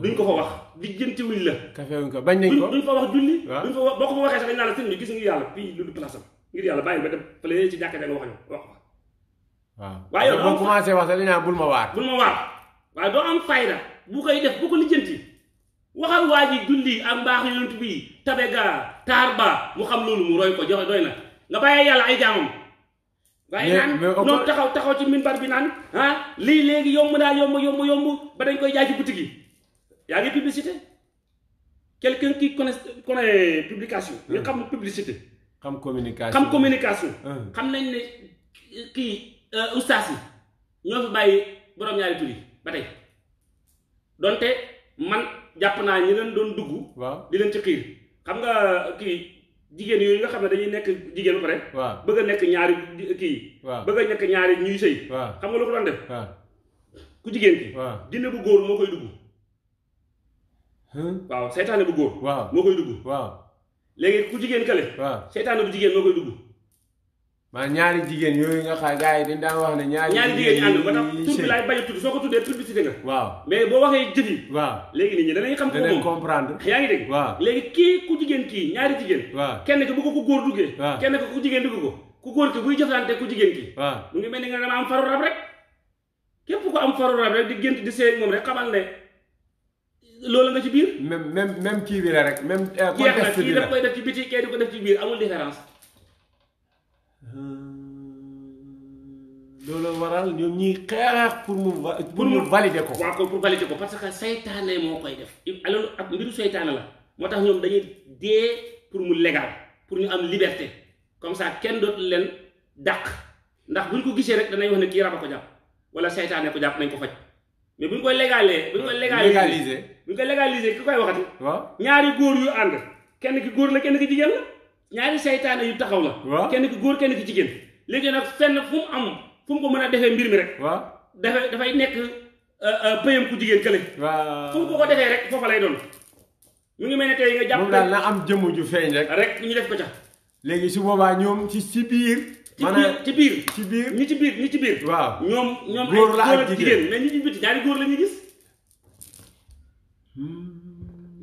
duñ ko fa wax lijjantiwuñ la. ko wax julli. waaw duñ fa boo ko fa waxee sax dañ naan la sëñ bi ba dem fële ci ko. waaw waaye yow boo commencé wax sax dañ naan bul ma waar. bul ma waar waaye doo am fayda bu koy def bu ko lijjanti waxal waa ji julli ak mbaax yonent bi tabe ga taar ba mu xam loolu mu roy ko joxe doy na nga bàyyee yàlla ay jaamam waaye naan noonu taxaw taxaw ci minbar bi naan ah lii léegi yomb naa yomb yomb yomb ba dañ koy jaay ci boutique yi yaa ngi publicité quelqu'un qui connaît connaît publication ah. ñu xam publicité xam communication xam communication ah. xam nañ ne kii euh, ustaas ñoo fi bàyyi borom ñaari tur ba tey donte man jàpp naa ñi leen doon dugg waaw di leen ci xiir xam nga kii jigéen yooyu nga xam ne dañuy nekk jigéen ba pare. waaw bëgg a nekk ñaari kii. waaw bëgg a nekk ñaari ñuy sëy. waaw xam nga lu ko def. ku jigéen ki. waaw dina bu góor moo koy dugg. waaw seytaane bu góor. waaw moo koy dugg. waaw léegi ku jigéen kale. waaw seytaane bu jigéen moo koy dugg. maanaam ñaari jigéen yooyu nga xam gars yi dañ daan wax ne. ñaari jigéen ñi ànd ba tax tur bi laay bañ a soo ko tuddee publicité nga. mais boo waxee jëf yi. waaw léegi nit ñi danañ xam. danañ comprendre yaa ngi dégg. waaw léegi kii ku jigéen kii ñaari jigéen. waaw kenn ki bu ko ku góor duggee. kenn ki ku jigéen dugg ko ku góor ki buy jëflante ku jigéen ki. waaw mu ngi mel ni nga dama am faru rab rek képp ku am faru rab rek di gént di seey moom rek xamal ne loolu nga ci biir. même même même kii bi la rek même. Eh, contexte bi kii daf koy def ci biti kii di ko def ci biir amul différence Euh, loolu waral ñoom ñuy xeex pour mu pour mu valider ko. waaw ko pour valider ko parce que seytaane moo koy def. alors ab mbiru seytaane la moo tax ñoom dañuy dee pour mu légal pour ñu am liberté comme ça kenn dootul leen dàq ndax buñ ko gisee rek danañ wax ne kii rab a ko jàpp wala seytaane ko jàpp nañ ko faj mais buñ ko légalee. buñ ko légaliser buñ ko légaliser ki koy waxati. waaw ñaari góor yu ànd kenn ki góor la kenn ki jigéen la. ñaari seytaane yu taxaw la. waaw kenn ki góor kenn ki jigéen. léegi nag fenn fu mu am fu mu ko mën a defee mbir mi rek. waaw dafay dafay nekk euh, euh, pëyam ku jigéen kële. waaw fu mu ko defee rek foofa lay doon. mu ngi mel ne tey nga jàpp moom daal na am jëmm ju feeñ rek. rek ñu def ko ca. léegi su boobaa ñoom ci si biir. maanaam ci biir ci biir ñi ci biir ñi ci biir. waaw ñoom ñoom la góor ak jigéen mais ñi ci biti ñaari góor la ñuy gis. Hmm.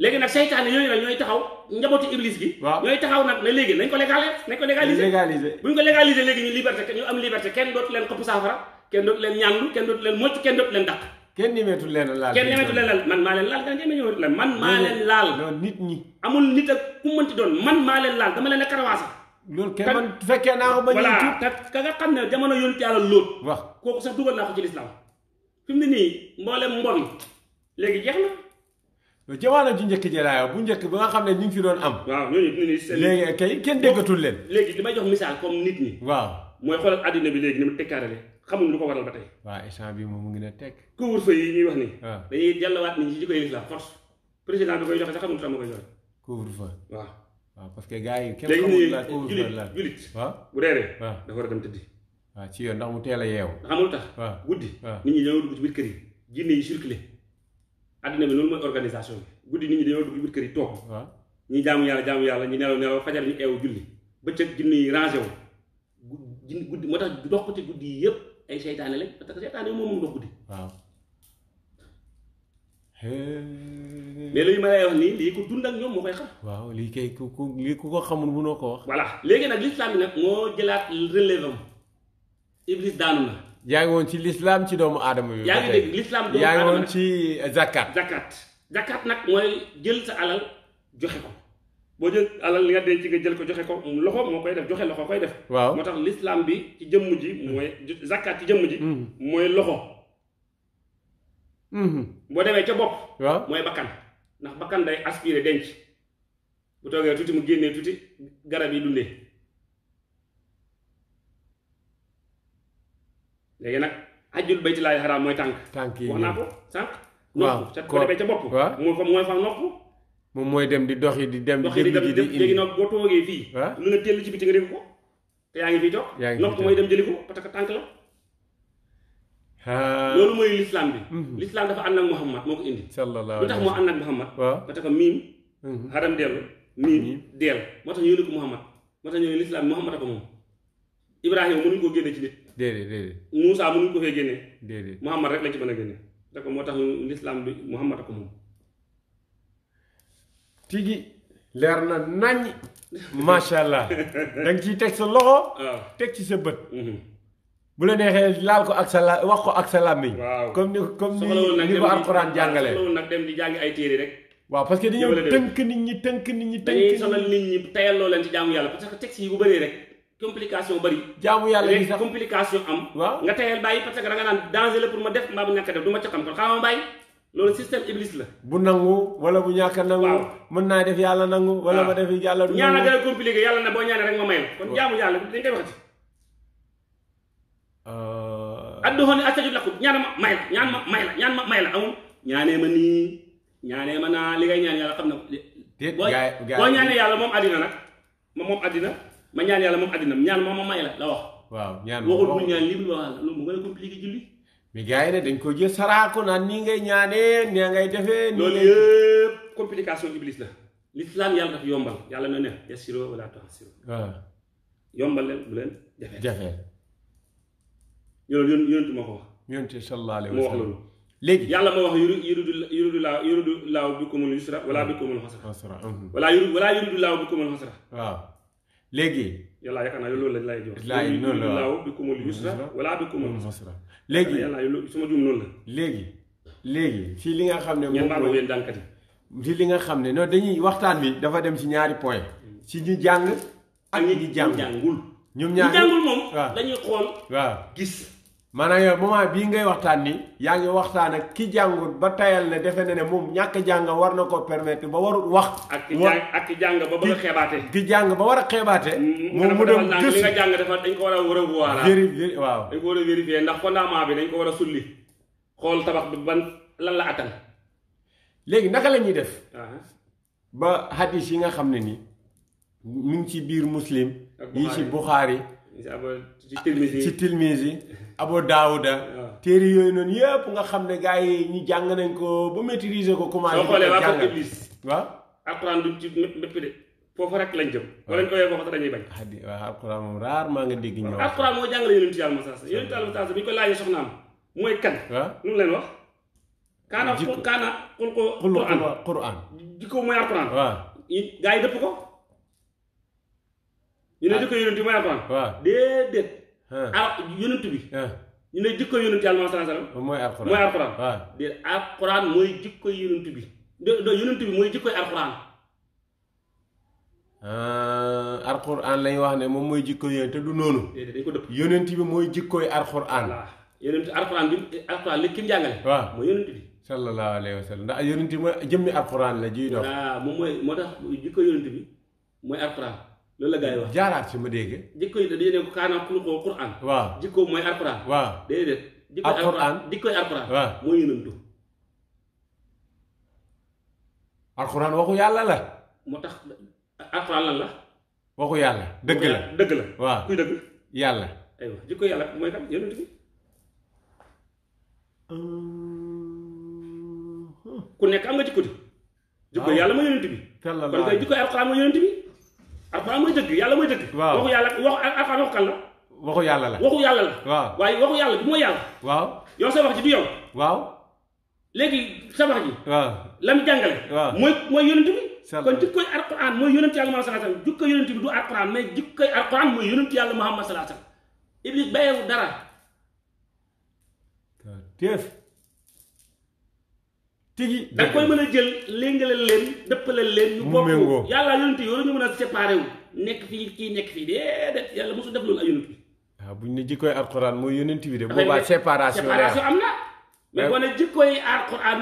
léegi nag seytaane yooyu nag ñooy taxaw njabootu iblis bi ñooy taxaw nag ne léegi nañ ko légalé nañ ko légaliser buñ ko légaliser léegi ñu liberté kenn dootu leen xëpp saafara kenn dootu leen ñaanlu kenn dootu leen mocc kenn dootu leen dàq kenn ñemeetul leen laal man maa leen laal kenn nit ñi amul nit ak ku mënti doon man maa leen laal dama leen a karawaasa loolu kenn man fekkee naa ko ba ñu tuub ka nga xam ne jamono yonent yàlla lóot wax kooku sax jamono ji njëkk ji laa bu njëkk ba nga xam ne ñu ngi fi doon am. waaw ñooñu léegi kay kenn déggatul leen. léegi li may jox misaal comme nit ñi. waaw mooy xoolal àddina bi léegi ni mu tekkaarale xamuñ lu ko waral ba tey. waaw instant bi moom mu ngi ne tekk. couvre-feu yi ñuy wax nii. waaw dañuy jàllawaat nit ñi ci jikko la force président bi koy joxe sax xamuñ sax ma koy joxe. couvre-feu gars yi kenn la couvre-feu la war a dem tëddi. ci yoon ndax mu teel a yeewu. xamul tax guddi nit ñi ñëw dugg ci àddina bi loolu mooy organisation bi guddi nit ñi dañoo dugg biir kër yi toog ñi jaamu yàlla jaamu yàlla ñu nelaw nelaw fajar ñu eew julli bëccëg jinne yi rangé guddi moo tax dox ci guddi yi yëpp ay seytaane lañ parce que seytaane moom moo koy xam. waaw li kay ku ku lii ku ko xamul mënoo ko wax. voilà léegi nag l'islam bi nag moo jëlaat relève iblis daanu na. yaa ngi woon ci lislaam ci doomu aadama bi. yaa ngi dégg lislaam doomu aadama yaa ngi woon ci zakat. zakat zakat nag mooy jël sa alal joxe ko boo jël alal li nga denc nga jël ko joxe ko loxo moo koy def joxe loxo koy def. waaw moo tax lislaam bi ci jëmm ji mooy zakat ci jëmm ji. Hmm. mooy loxo. Hmm. boo demee ca bopp. waaw mooy bakkan ndax bakkan day aspiré denc bu toogee tuuti mu génnee tuuti garab yi dundee. léegi nag ajjul bayti laay xaraam mooy tànk. tànk yi wax naa ko sànq. waaw nopp ko defee ca bopp. waaw mooy fa mooy fa nopp. moom mooy dem di dox yi di dem. dox yi di dem di indi léegi nag boo toogee fii. waaw lu nga teel ci biti nga dégg ko. te yaa ngi fi toog. yaa ngi nopp mooy dem jëli ko parce que tànk la. loolu mooy lislaam bi. Mhm. lislaam dafa ànd ak Muhammad moo ko indi. sallallahu alayhi wa sallam lu tax moo ànd ak Muhammad. waaw parce que miim. xaram mhm. dellu. miim deel moo tax ñu yónni ko Muhammad moo tax ñu ne lislaam Muhammad a ko moom Ibrahima mënuñu koo génne ci nit déedéet déedéet. Moussa mënuñ ko fee génne. déedéet Mouhamad rek lañ ci mën a génne. da ko moo tax lislaam bi Mouhamad a ko moom. tigi leer na naññ. macha allah da nga ciy teg sa loxo. teg ci sa bët. Mhm. bu la neexee laal ko ak sa la wax ko ak sa làmmiñ. waaw comme ni comme ni ni ko alxuraan jàngalee. soxlawul nag dem di jàngi ay téere rek. waaw parce que dañoo tënk nit ñi tënk nit ñi. tënk nit ñi dañuy sonal nit ñi tayal loo leen ci jaamu yàlla parce que texte yi bu bëree rek. complication bari jaamu yàlla yi sax complication am. waaw nga teyal bàyyi parce que da nga naan danger la pour ma def mbaa bu ñàkk a def du ma ci xam kon xaaral ma bàyyi la. bu nangu wala bu ñàkk a mën naa def yàlla nangu. wala ma def yàlla du nangu ñaan a gën a compliqué yàlla na boo ñaanee rek ma may la. Euh. ma may la ñaan ma may ma may la amul. ñaanee ma nii ñaanee ma naa li ngay ñaan yàlla xam na. déet gaay gaay boo ñaanee yàlla moom àddina nag moom moom àddina ma ñaan yàlla moom addinam ñaan moom ma may la la wax. waaw ñaan waxul bu ñaan lii mu wax lu mu gën a compliqué julli. mais gars yi ne dañ ko jël saraako naan nii ngay ñaanee nii ngay defee. loolu yëpp complication iblis la. l'islam yàlla dafa yombal yàlla na ah. yombal leen bu leen jafe. jafe loolu yonent ma ko wax. yonent sallallahu alayhi wa sallam moo wax loolu. léegi yàlla moo wax yuridu yuridu laaw yuridu laaw bikumul yusra wala ah. bikumul xasra. Mhm. wala yuridu laaw bikumul xasra. Ah. léegi. yàlla yaakaar naa loolu lañ lay jox. la waaw bi kumul yusra wala bi kumul yusra léegi yàlla yàlla léegi léegi fii li nga xam ne. moom mooy yéen dànkat yi fii li nga xam ne non dañuy waxtaan bi dafa dem ci ñaari point si ñu jàng ak ñi di jàng ñoom ñaar jàngul moom. dañuy xool. waaw gis. maanaam yow moment bii ngay waxtaan ni yaa ngi waxtaan ak ki jàngut ba tayal ne defe na ne moom ñàkk jàng war na koo permettre ba warut wax. ak ki jàng ak ki jàng ba bëgg a xeebaate. ki jàng ba war a xeebaate. Mm, moom mu dem gëstu li nga jàng dafa ko a revoir. vérifier waaw dañ ko ndax fondement bi dañ ko war a sulli xool tabax bi ban lan la attan. léegi naka la ñuy def. Uh-huh. ba hadis yi nga xam ne nii mu ngi ci biir muslim. yi ci buxaari ci tilmis yi abo daawuda ah. téere yooyu noonu yëpp nga xam ne gaa yi ñu jàng nañ ko ba maîtriser ko comment soo xoolee waa ko iblis waaw alxuraan du ci mépp de foofu rek lañ jëm wala ñu koy waxata dañuy bañ waaw alxuraan moom rarement nga dégg ñëw alxuraan moo jàngale yonent yàlla Musaa yonent yàlla Musaa ko laajee soxnaam mooy kan waaw nu mu leen wax kaana kaana xul ko quraan jikko mooy alxuraan waaw gars yi dëpp ko ñu ne ah. jikko yonent yi mooy alxuraan. waaw déedéet. ah yonent bi. Ah. ñu mooy alxuraan mooy alxuraan. mooy jikko yonent bi. do yonent bi mooy ah, wax ne moom mooy jikko yonent du noonu. bi mooy jikkoy alxuraan. waaw yonent alxuraan bi alxuraan ki mu jàngale. waaw mooy yonent bi. sallallahu alayhi wa ndax yonent mooy jëmmi alxuraan la jiy dox. moom mooy moo tax jikko yonent bi mooy alxuraan. loolu la gars jaaraat ci ma dégg. jikko yi da dañu ne ko kaana xuluqul Qur'an. waaw jikko mooy alquran. waaw déedéet. alquran la. moo tax la. waxu yàlla dëgg la dëgg la waaw kuy jikko yàlla mooy tam bi. Uh-huh. ku nekk am nga jikko di. jikko yàlla mooy yonantu bi. kan la kon jikko alquran mooy yonantu bi. alxuraan mooy dëgg yàlla mooy dëgg. waaw waxu yàlla wax alxuraan waxu la. waxu yàlla la waxu yàlla la. waaw waaye waxu yàlla du mooy yàlla. waaw yow sa ji du yow. waaw léegi sa ji. waaw la mu jàngale. waaw mooy mooy yonent bi. kon jikkoy alxuraan mooy yonent yàlla yàlla mu sallallahu alayhi wasallam dara. teef. tigi koy mën a jël léngaleel leen dëppaleel leen ñu bokk yàlla yonent yooyu ñu mën a séparé wu nekk fii kii nekk fii déedéet yàlla mosul def loolu ay ah, yonent bi waaw buñ ne mais eh. boo ne jikkoy alxuraan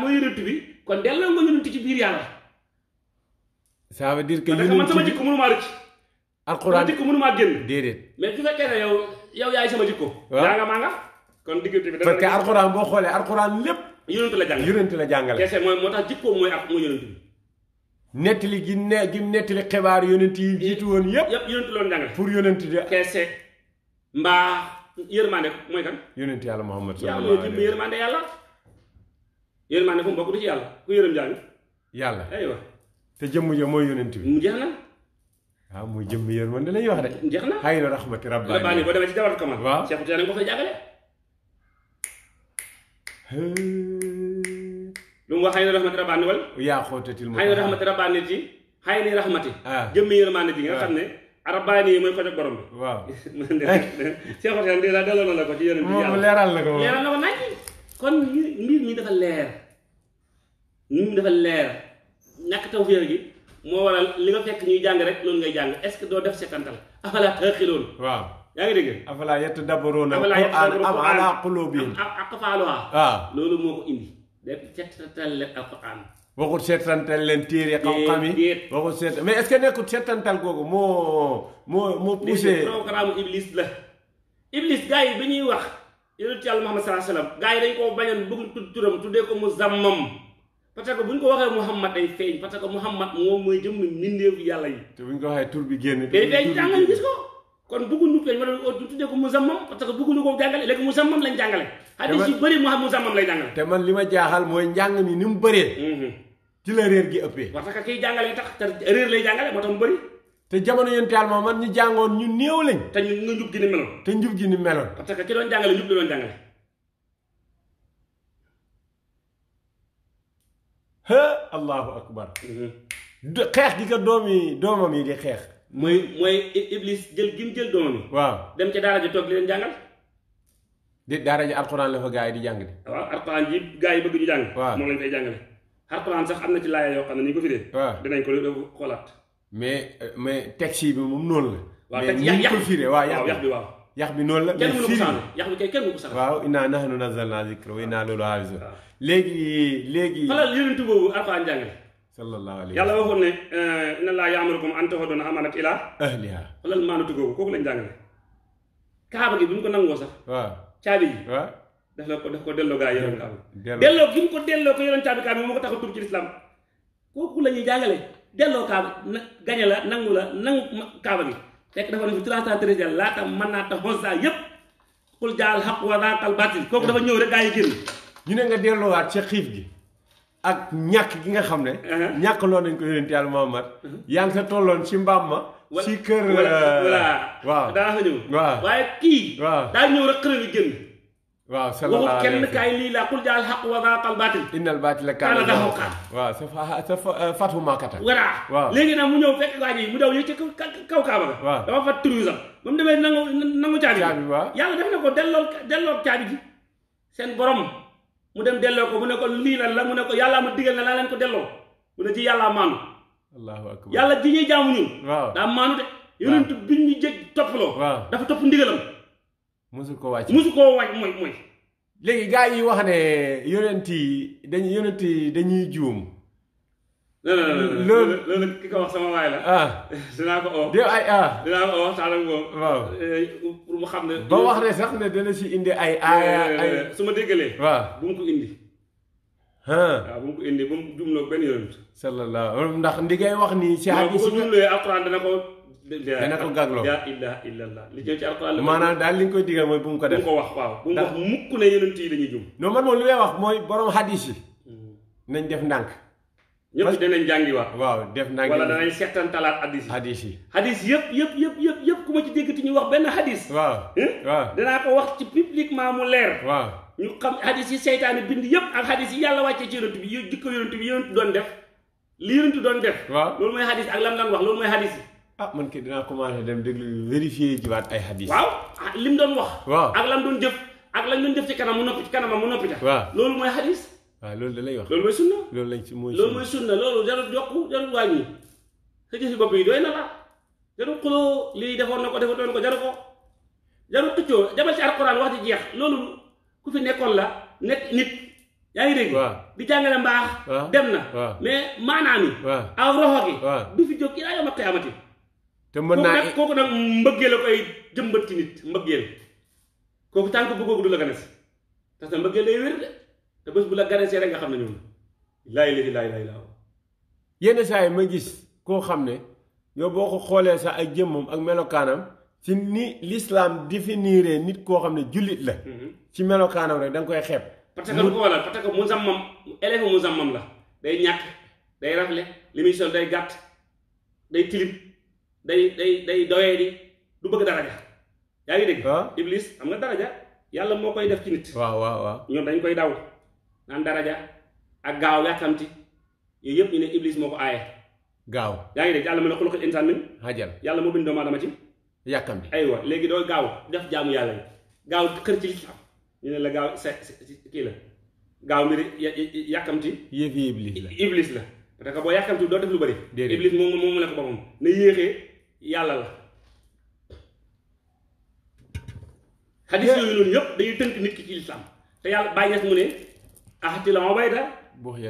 mooy yonent bi kon delloo nga yonent ci biir yàlla ça veut dire que yonent man sama jikko mënumaa rëcc alxuraan mais su fekkee ne yow yow yaay sama alxuraan boo xoolee alxuraan lépp yonent la jàngale yonent la jàngale. kese mooy moo tax jikkoom mooy ak mooy yonent bi. nettali gi ne gi nettali xibaar yonent yi jiitu woon yëpp. yëpp yonent loon jàngale. pour yonent di. kese mbaa yërmande mooy kan. yonent yàlla Muhammad sallallahu alayhi wa sallam mooy yërmande yàlla. yërmande fu mu bokk du ci yàlla ku yërëm jàng. yàlla aywa. te jëmm ja mooy yonent bi. mu jeex na. waaw ah, muy jëmm yërmande lañuy wax de. jeex na xay na rahmati rabbaani boo demee ci dawal kamal. waaw Cheikh Tidiane nga ko fay jàngale. lu mu wax xëy na rahmati rabbaani wal yaa xootatil xëy na rahmati rabbaani ci xëy na rahmati ah. jëmmi nga xam ne ah. rabbaani yi mooy côté borom bi waaw seexoteen di la delloo la ko ci yonent bi moom leeral na ko leeral na ko nañ kon mbir mi dafa leer mbir mi dafa leer ñàkk tawféer gi moo waral li nga fekk ñuy jàng rek loolu ngay jàng est-ce que doo def sekantal afala taaxiloon waaw yaa ngi dégg. afala yatadabbaruuna al-Qur'aan am ala quluubin aqfaaluhaa ah. waaw loolu moo ko indi. def seetantal leen al-Qur'aan. waxut seetantal leen téere xam-xam yi waxut seet mais est-ce que nekkut seetantal googu moo moo moo poussé. programme Iblis la. Iblis gars yi bi ñuy wax. yonent yàlla Muhammad sallallahu alayhi wasallam gars yi dañ koo bañoon bëgg tudd turam tuddee ko mu zammam parce que bu ñu ko waxee Muhammad day feeñ parce que Muhammad moom mooy jëmm mbindeefu yàlla yi. te bu ñu ko waxee tur bi génn. tur bi génn gis ko. kon bëgguñu lañ war a tuddee ko musammam parce que bëgguñu ko jàngale léegi musammam lañ jàngale hadis yu bëri mu xam musammam lay jàngale te man li ma jaaxal mooy njàng mi ni mu bëree mhm. ci la réer gi ëppee parce que kiy jàngale tax te réer lay jàngale moo tax mu bëri te jamono yonent Yàlla moom man ñu jàngoon ñu néew lañ te ñu njub gi ni meloon te njub gi ni meloon parce que ki doon jàngale njub la doon jàngale ha allahu akbar mhm. xeex gi ko doomi doomam yi di xeex mooy mooy Iblis jël gim jël doom waaw dem ca daara ji toog li leen jàngal. di daara ji alxuraan la fa gaa yi di jàng. waaw alxuraan ji gaa yi bëgg ñu jàng. waaw moom lañ fay jàngale. alxuraan sax am na ci laaya yoo xam ne ni ñu ko fi dee. waaw dinañ ko xoolaat. mais euh, mais texte bi moom noonu la. waaw texte yax yax mais bi waaw. yax bi noonu la mais firi yax bi kay kenn mënu ko sax. waaw innaa nahnu nazzalnaa zikra wa innaa lahu laafizuun. léegi léegi. xalaat yonent boobu alxuraan jàngale. sallallahu alayhi yàlla waxoon ne eh, inna laa ya'murukum an tu'addu al a ila ahliha wala maanatu googu kooku lañ jàngale kaaba gi bu ñu ko nangoo sax waaw caabi yi waaw daf ko daf ko delloo gaa yoroon kaaba delloo gi ko delloo ko yoroon caabi kaaba moo ko tax a tur kooku la ñuy jàngale delloo kaaba na gañe la nangu la nangu kaaba gi te dafa ne fi trois cent treize man mën naa tax xonsa yépp xul jaal xaq wa zaaqal baatil kooku dafa ñëw rek gaa yi génn ñu ne nga delloowaat ca xiif gi ak ñàkk gi nga xam ne. Uh-huh. ñàkk lool nañ ko yonent yàlla Muhammad. Uh-huh. yaa ngi sa tolloon ci mbaam ma. ci kër uh, waaw daa fa waaw waaye kii. waaw daa ñëw rek xëy na génn. waaw sallallahu alayhi kenn lii laa qul jaal xaq wa zaaqal baatil. innal baatila kaana zahuuqa sa fa sa uh, fatu waaw léegi nag mu ñëw fekk waa ji mu daw yëg ci kaw kaaba ga. waaw dafa fat turu sax ba mu demee nangu nangu caabi. caabi waaw yàlla def na ko delloo delloo caabi ji seen borom. mu dem delloo ko mu ne ko lii lan la mu ne ko yàllaa ma digal na laa leen ko delloo mu ne ci yàllaa maanu allahu yàlla ji ñuy jaamu ñun waaw daa maanu de yonent bi ñu jég toppaloo dafa topp ndigalam musu ko wàcc musu koo wàcc mooy mooy léegi gars yi wax ne yonent yi dañuy yonent yi dañuy juum loolu loolu ki ko wax sama waay la. Ah. dinaa ko oo. ay ah dinaa ko oo waxtaan ak moom. waaw eh, pour xam ne. ba ne sax ne dana si indi ay. su ma déggalee. waaw mu ko indi. waaw bu mu ko indi ba mu jumloo benn yonent. sallallahu ndax ndi ngay wax nii. si hadis bu ko jumlee alquran dana ko. dana ko gàgloo la ilaha illallah li jëm maanaam daal li nga koy digal mooy bu mu ko def. bu mu ko wax waaw bu mu wax mukk ne yonent yi dañuy jum. non man moom li may wax mooy borom hadis yi. Hmm. nañ def ndànk. ñëpp danañ jàngiwaat. waaw def naa wala danañ seetaan talaat hadis yi. hadis yi hadis yëpp yëpp yëpp yëpp yëpp ku ma ci déggati ñu wax benn hadis. waaw waaw danaa ko wax ci publiquement mu leer. waaw ñu xam hadis yi seytaane bind yëpp ak hadis yi yàlla wàccee ci yonent bi yi jikko yonent bi yonent doon def li yonent doon def. waaw loolu mooy hadis ak lam lan wax loolu mooy hadis yi. ah man kay dinaa commencé dem déglu vérifier jiwaat ay hadis. waaw ah, doon wax. waaw ak lam doon jëf ak lan doon ci kanam mu noppi ci kanamam mu noppi tax. loolu mooy hadis. waa loolu da lay wax loolu mooy sunna loolu lañ ci mooy loolu mooy sunna loolu jarul yokku jarul wàññi sa gis bopp yi doy na la jarul xuloo lii defoon na ko defoon na ko jaru ko jarul xëccoo jamal ci alquran wax ci jeex loolu ku fi nekkoon la nekk nit yaa ngi dégg di jàngale mbaax dem na mais maanaam yi aw fi jóg te mën naa kooku kooku nag mbëggeel la koy jëmbat ci nit mbëggeel kooku tànk bëggoogu du la ganes parce que mbëggeel day wér de te bés bu la ganesee rek nga xam ne ñoom laay la laay laay laaw yenn saa yi ma gis koo xam ne yow boo ko xoolee sax ak jëmmam ak melokaanam ci ni l'islam définir nit koo xam ne jullit la mhm. ci melokaanam rek da nga koy xeeb parce que lu ko waral parce que mu zammam élève mu zammam la day ñàkk day rafle li sol day gàtt day tilib day day day doyee du bëgg daraja yaa ngi dégg ah. iblis am nga daraja yàlla moo koy def ci nit waaw waaw waaw ñoom dañ koy daw naan daraja ak gaaw yàkkamti yooyu yëpp ñu ne iblis moo ko aaye gaaw yaa ngi de yàlla mu a xuluqil insaan min ajal yàlla moo bind doomu aadama ci yàkkamti aywa léegi doo gaaw def jaamu yàlla yi gaaw xër ci lislaam ñu ne la gaaw se kii la gaaw mbiri yàkkamti yëf iblis la iblis parce que boo yàkkamti doo def lu bëri iblis moom moom mu ne ko boppam na yéexee yàlla la xadis yooyu noonu yëpp dañuy tënk nit ki ci lislaam te yàlla bàyyi mu ne axtila obayda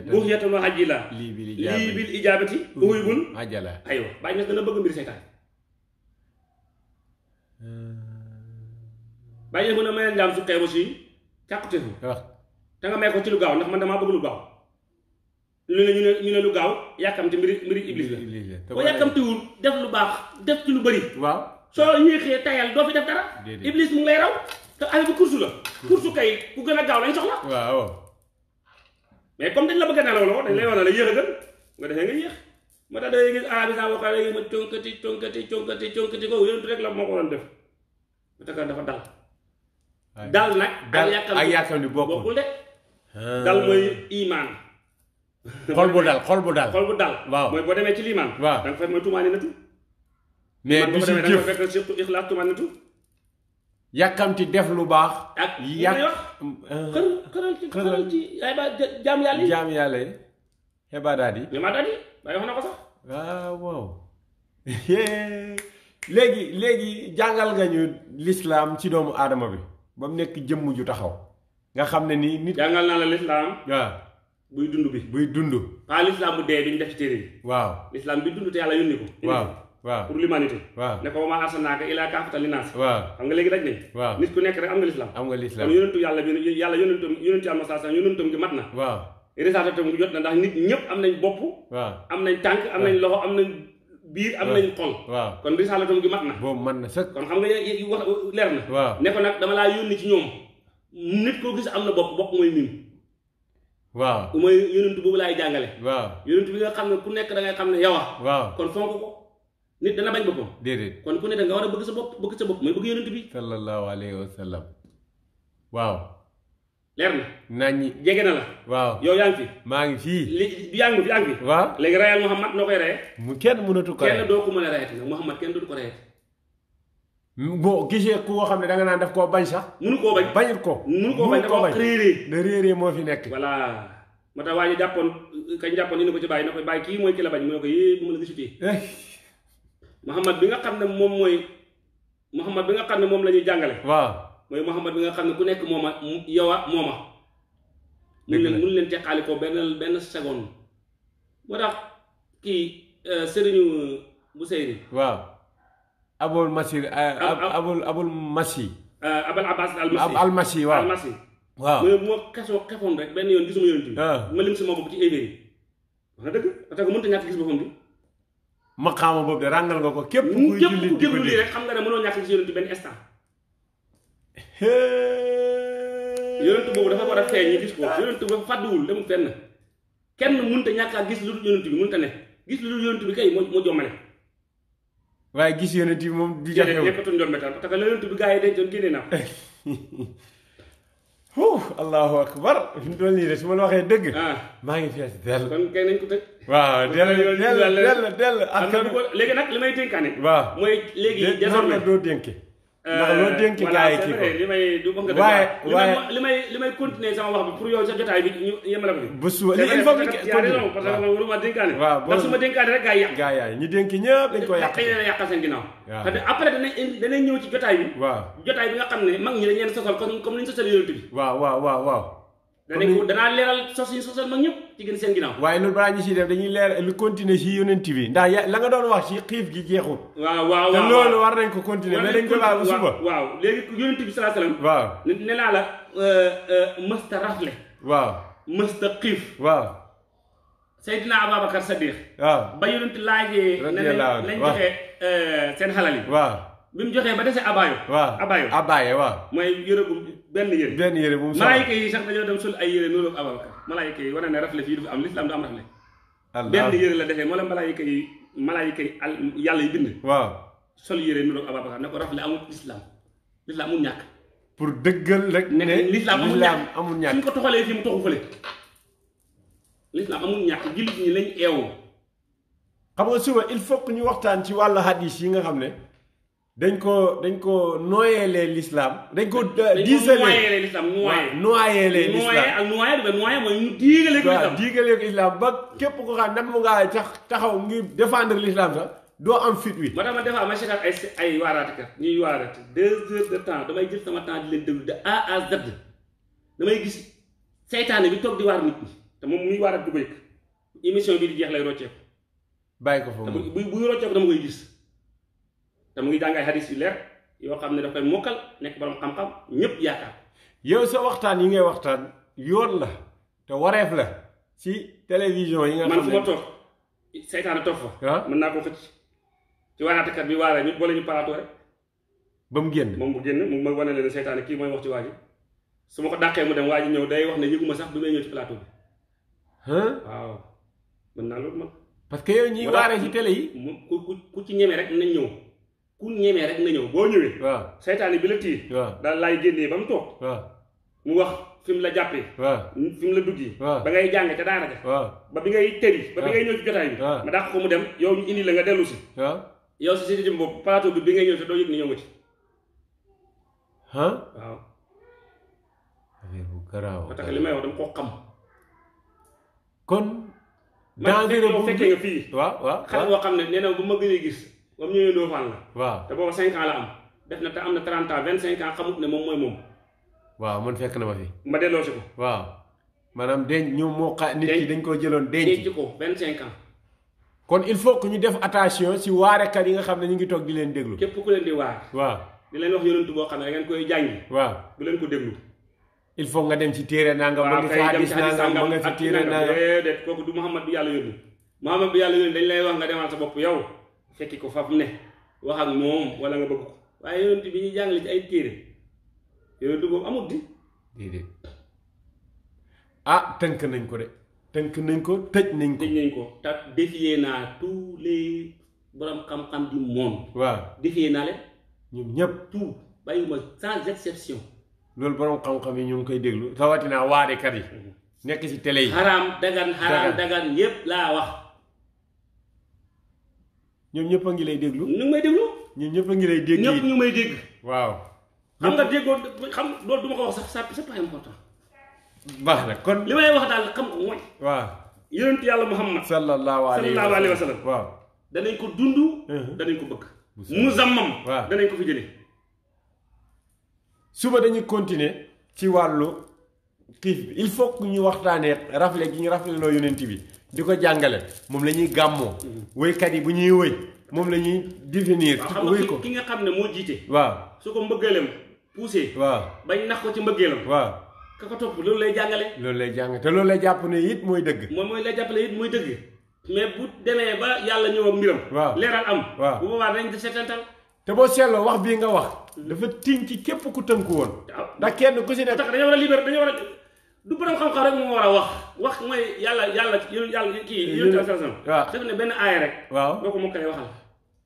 buxyatan wa ajila lii bil ijaabati uhibul ajala aywa bàyyi ñes dana bëgg mbir seytaan euh. bàyyi ñes mu ne mayeen jaam su xeebu si càqutefu te nga may ko ci lu gaaw ndax man damaa bëgg lu gaaw lu ne ñu ne ñu ne lu gaaw yàkkamte mbiri mbiri iblis la boo yàkkamtiwul def lu baax def ci lu bëri waaw soo yéexee tayal doo fi def dara iblis mu ngi lay raw te affaire bi kursu la kursu kay ku gën a gaaw lañ soxla waaw mais comme dañ la bëgg a nelawloo dañ lay wax a gën nga defee nga yéex ma tax dangay gis arab la moo ko doon def ma tax dafa dal dal nag ak yàkkal ni bokkul de ah. dal mooy imaan xol bu dal xol bu dal waaw mooy boo demee ci liimaan waaw da nga fay mooy tumaani natu mais du si jëf fekk surtout ixlaas tumaani yàkkamti def lu baax. ak yàq xër xëral ci xëral jaam yàlla yi jaam yàlla yi xebaa ah, léegi jàngal nga ñu lislaam ci doomu aadama bi ba mu nekk jëmm ju taxaw nga xam ne ni nit. jàngal naa la lislaam waaw ah. buy dund bi buy dund. ah lislaam bu dee bi ñu def ci téere yi. waaw lislaam bi dund te yàlla yónni ko. waaw. waaw pour l'humanité waaw ne ko wa maa arsalnaaka illaa kaafatan linnaas waaw xam nga léegi daj nañ waaw nit ku nekk rek am nga lislaam am nga lislaam kon yonentu yàlla bi yàlla yonentam yonentu yàlla saa yonentam gi mat na waaw am nañ bopp waaw am nañ tànk am nañ loxo am nañ biir am nañ xol na boobu man na sëkk kon xam nga wax leer na ne ko nag dama laa yónni ci ñoom nit koo gis am na bopp bopp mooy waaw ku mooy yonentu boobu jàngale waaw yonentu ku nekk da ngay xam ne yow a kon fonk nit dana bañ boppam. déedéet kon ku ne da nga war a bëgg sa bopp bëgg sa bopp mooy bëgg yonent bi. sallallahu alayhi wa sallam waaw. leer na. naññi jege na la. waaw yow yaa fi. maa ngi fii. li yaa ngi fi yaa ngi fi. waaw léegi rayal Muhammad noo koy rayee. mu kenn mënatu ko rayee kenn doo ko mën a rayee nag Muhammad kenn boo gisee ku nga xam ne da nga naan daf koo bañ sax. mënu koo bañ bañut ko. mënu koo bañ dafa réeree. da réeree moo fi nekk. voilà moo tax waa jàppoon kañ jàppoon ni ko ci bàyyi na ko bàyyi kii mooy ki la Muhammad bi nga xam ne moom mooy Muhammad bi nga xam ne moom la ñuy jàngale. waaw mooy Muhammad bi nga xam ne ku nekk moom yow a mooma. dëgg la benn benn seconde. moo tax kii euh, sëriñu euh, Buseyri. waaw. Abul Masir. Euh, Abul Abul Masi. Abul Abbas al Masi xefoon rek benn yoon gisuma yoon bi. Ah. ma lim si ma bopp ci éveil. wax na dëgg parce que mënut a ñàkk gis boppam bi. maqaama boobu de ràngal nga ko képp kuy julli képp ku rek xam nga ne mënoo ñàkk ci yonent benn instant. boobu dafa war a feeñ ñu gis ko yonent boobu fàdduwul demul fenn kenn mënut a ñàkk gis lu dul yonent bi mënut a ne gis lu dul bi kay moo jommale. waaye gis yonent bi moom du jafe wu nekkatul njombe tam parce que la bi gaa yi dencoon génne naa ko. allahu akbar fi mu toll nii de su ma la waxee dëgg. Ah. maa ngi fees dell kon nañ ko tëj. waaw dell dell dell dell askan léegi nag li may dénkaane waaw mooy léegi désormais doo dénke euh, ndax loo dénk gars yi kii ko li may du bëgg nga waaye waaye li may li may continuer sama wax bi pour yow sa jotaay bi ñu yemale ko bu suba li il yi yàq gars yaay ñi dénk ñëpp dañ ko yàq na yàqal seen ginnaaw parce que après danañ danañ waaw waaw waaw danaa danaa leeral sos yi sosal mag ñëpp ci gën seen ginnaaw waaye noonu balaa ñu siy def dañuy leer lu continuer si yonent bi ndax la nga doon wax si xiif gi jeexul waaw waaw te loolu war nañ ko continuer mais dañ ko laal suba waaw léegi yonent bi salaa salaam waaw ne la euh, euh, mësta rafle waaw mësta xiif waaw Seydina Ababacar Sadiq waaw ba yonent laajee na lañ joxe euh, seen xalal yi waaw bi mu joxee ba dese abaayo abaayo waaw mooy yërëbu benn yére benn yére bu mu soxla malaayika yi sax dañoo dem sul ay yére noonu Abubakar malaayika yi wane ne rafle fii du fi am lislaam du am rafle benn yére la defee moo la malaayika yi malaayika yi al yàlla yi bind waaw sol yére noonu Abubakar ne ko rafle amul lislaam lislaam amul ñàkk pour dëggal rek ne lislaam amul ñàkk amul ñàkk suñ ko toxalee fii mu toxu fële lislaam amul ñàkk lañ eewoo xam nga suba il faut que ñu waxtaan ci wàll hadis yi nga xam ne dañ ko dañ ko noyeelee lislaam dañ ko diisalee dañ ko noyeelee l'islam mooy ñu diigalee ko islam diigalee ko islam ba képp ko xam nam mu ngaa tax taxaw ngir défendre l'islam sax doo am fit wi. moo tax ma defaa ma seetaan ay ay waaraatekat ñuy waaraate de temps damay gis sama temps di leen déglu de A à Z damay gis seytaane bi toog di waar nit ñi te moom muy waaraat du ko yëg émission bi di jeex lay rocceeku. bàyyi ko foofu bu bu rocceeku koy gis. te mu ngi jàng ay hadis yu leer yoo xam ne daf koy mokkal nekk borom xam-xam ñëpp yaakaar yow sa waxtaan yi ngay waxtaan yoon la te wareef la ci télévision yi nga ne man fu ma toog seytaane toog fa ah? mën naa ko xëcc ci waaraatekat bi waaree ñu ñu paratoo rek ba moom bu génn mu ma wane leen seytaane kii mooy wax ci waa ji su ma ko dàqee mu dem waa ji ñëw day wax ne yëguma sax bi may ñëw ci plateau bi waaw mën naa loolu man parce que yow ñuy waaree ci télé yi ku ku ci ñeme rek nañ ñëw ku ñemee rek nga ñëw boo ñëwee. waaw seytaane bi la tiir. waaw daal laay génnee ba mu toog. mu wax fi la jàpp waaw fi la dugg waaw ba ngay jàng ca daara ja. ba bi ngay tëri. ba bi ngay ñëw ci mu dem yow ñu indi nga dellu si. yow si doo yëg ni ñëw nga ci. ah waaw. bu garaaw. ba tax li may wax dama koo xam. kon. danger bu fekkee nga fii. waaw waaw ne nee bu ma gënee gis. ba mu ñëwee Ndofane la. waaw te booba 5 ans la am def na te am na 30 ans 25 ans xamut ne moom mooy moom. waaw man fekk na ma fi. ma delloo si ko. waaw maanaam denc ñu moo xa nit ki dañ koo jëloon denc. ko 25 ans. kon il faut que ñu def attention si waarekat yi nga xam ne ñu ngi toog leen déglu. képp ku leen di waar. waaw di leen wax yonent boo xam ne da ngeen koy jàngi. waaw bu leen ko il faut nga dem ci téere nangam. waaw kay dem ci hadis nangam nga ci téere nangam. déedéet kooku du Muhammad bi yàlla yónni. Muhammad bi yàlla yónni dañ lay wax nga demal sa bopp yow fekki ko faf ne wax ak moom wala nga bëgg ko waaye yonent bi ñuy jàngale ci ay téere yonent boobu amut di déedéet ah tënk nañ ko de tënk nañ ko tëj nañ ko tëj nañ ko te défier naa tous les borom xam-xam du monde waaw défier naa leen ñoom ñëpp tout bàyyiwuma sans exception loolu borom xam-xam yi ñu ngi koy déglu rawatina waarekat yi mhm. nekk ci télé yi xaraam dagan xaraam dagan yépp laa wax ñoom ñëpp a ngi lay déglu. ñu ngi may déglu. ñoom ñëpp a ngi lay dégg. ñëpp ñu may dégg. waaw. xam nga déggoo xam loolu du ma ko wax sax c'est pas important. baax na kon li may wax daal xam nga mooy. waaw yonent yàlla Muhammad. xam alayhi wa sallam sallallahu alayhi wa sallam. waaw danañ ko dund. Uh-huh. danañ ko bëgg. muzammam waaw danañ ko fi jëlee. suba dañuy continuer ci wàllu xiif il faut que ñu waxtaanee rafle gi ñu rafle loo yonent bi. di ko jàngale moom la ñuy gàmmoo. wéykat yi bu ñuy wéy moom la ñuy définir. wéy ko ki nga xam ne moo jiite. waa su ko mbëggeelam poussé. waaw bañ nax ko ci mbëggeelam. waaw ka ko topp loolu lay jàngale. loolu lay jàng te loolu lay jàpp ne it mooy dëgg. moom mooy lay jàppale it mooy dëgg. mais bu demee ba yàlla ñëw ak mbiram. waaw leeral am. waaw bu boobaa dañ di seetantal. te boo seetloo wax bii nga wax. dafa tiñ ci képp ku tënku woon. Ah. ndax kenn ku si ne. tax dañoo war a libéré dañoo war du borom xam-xam rek moo war a wax wax mooy yàlla yàlla yàlla kii yonent sallam dafa ne benn aaya rek waaw boo ko mokkalee waxal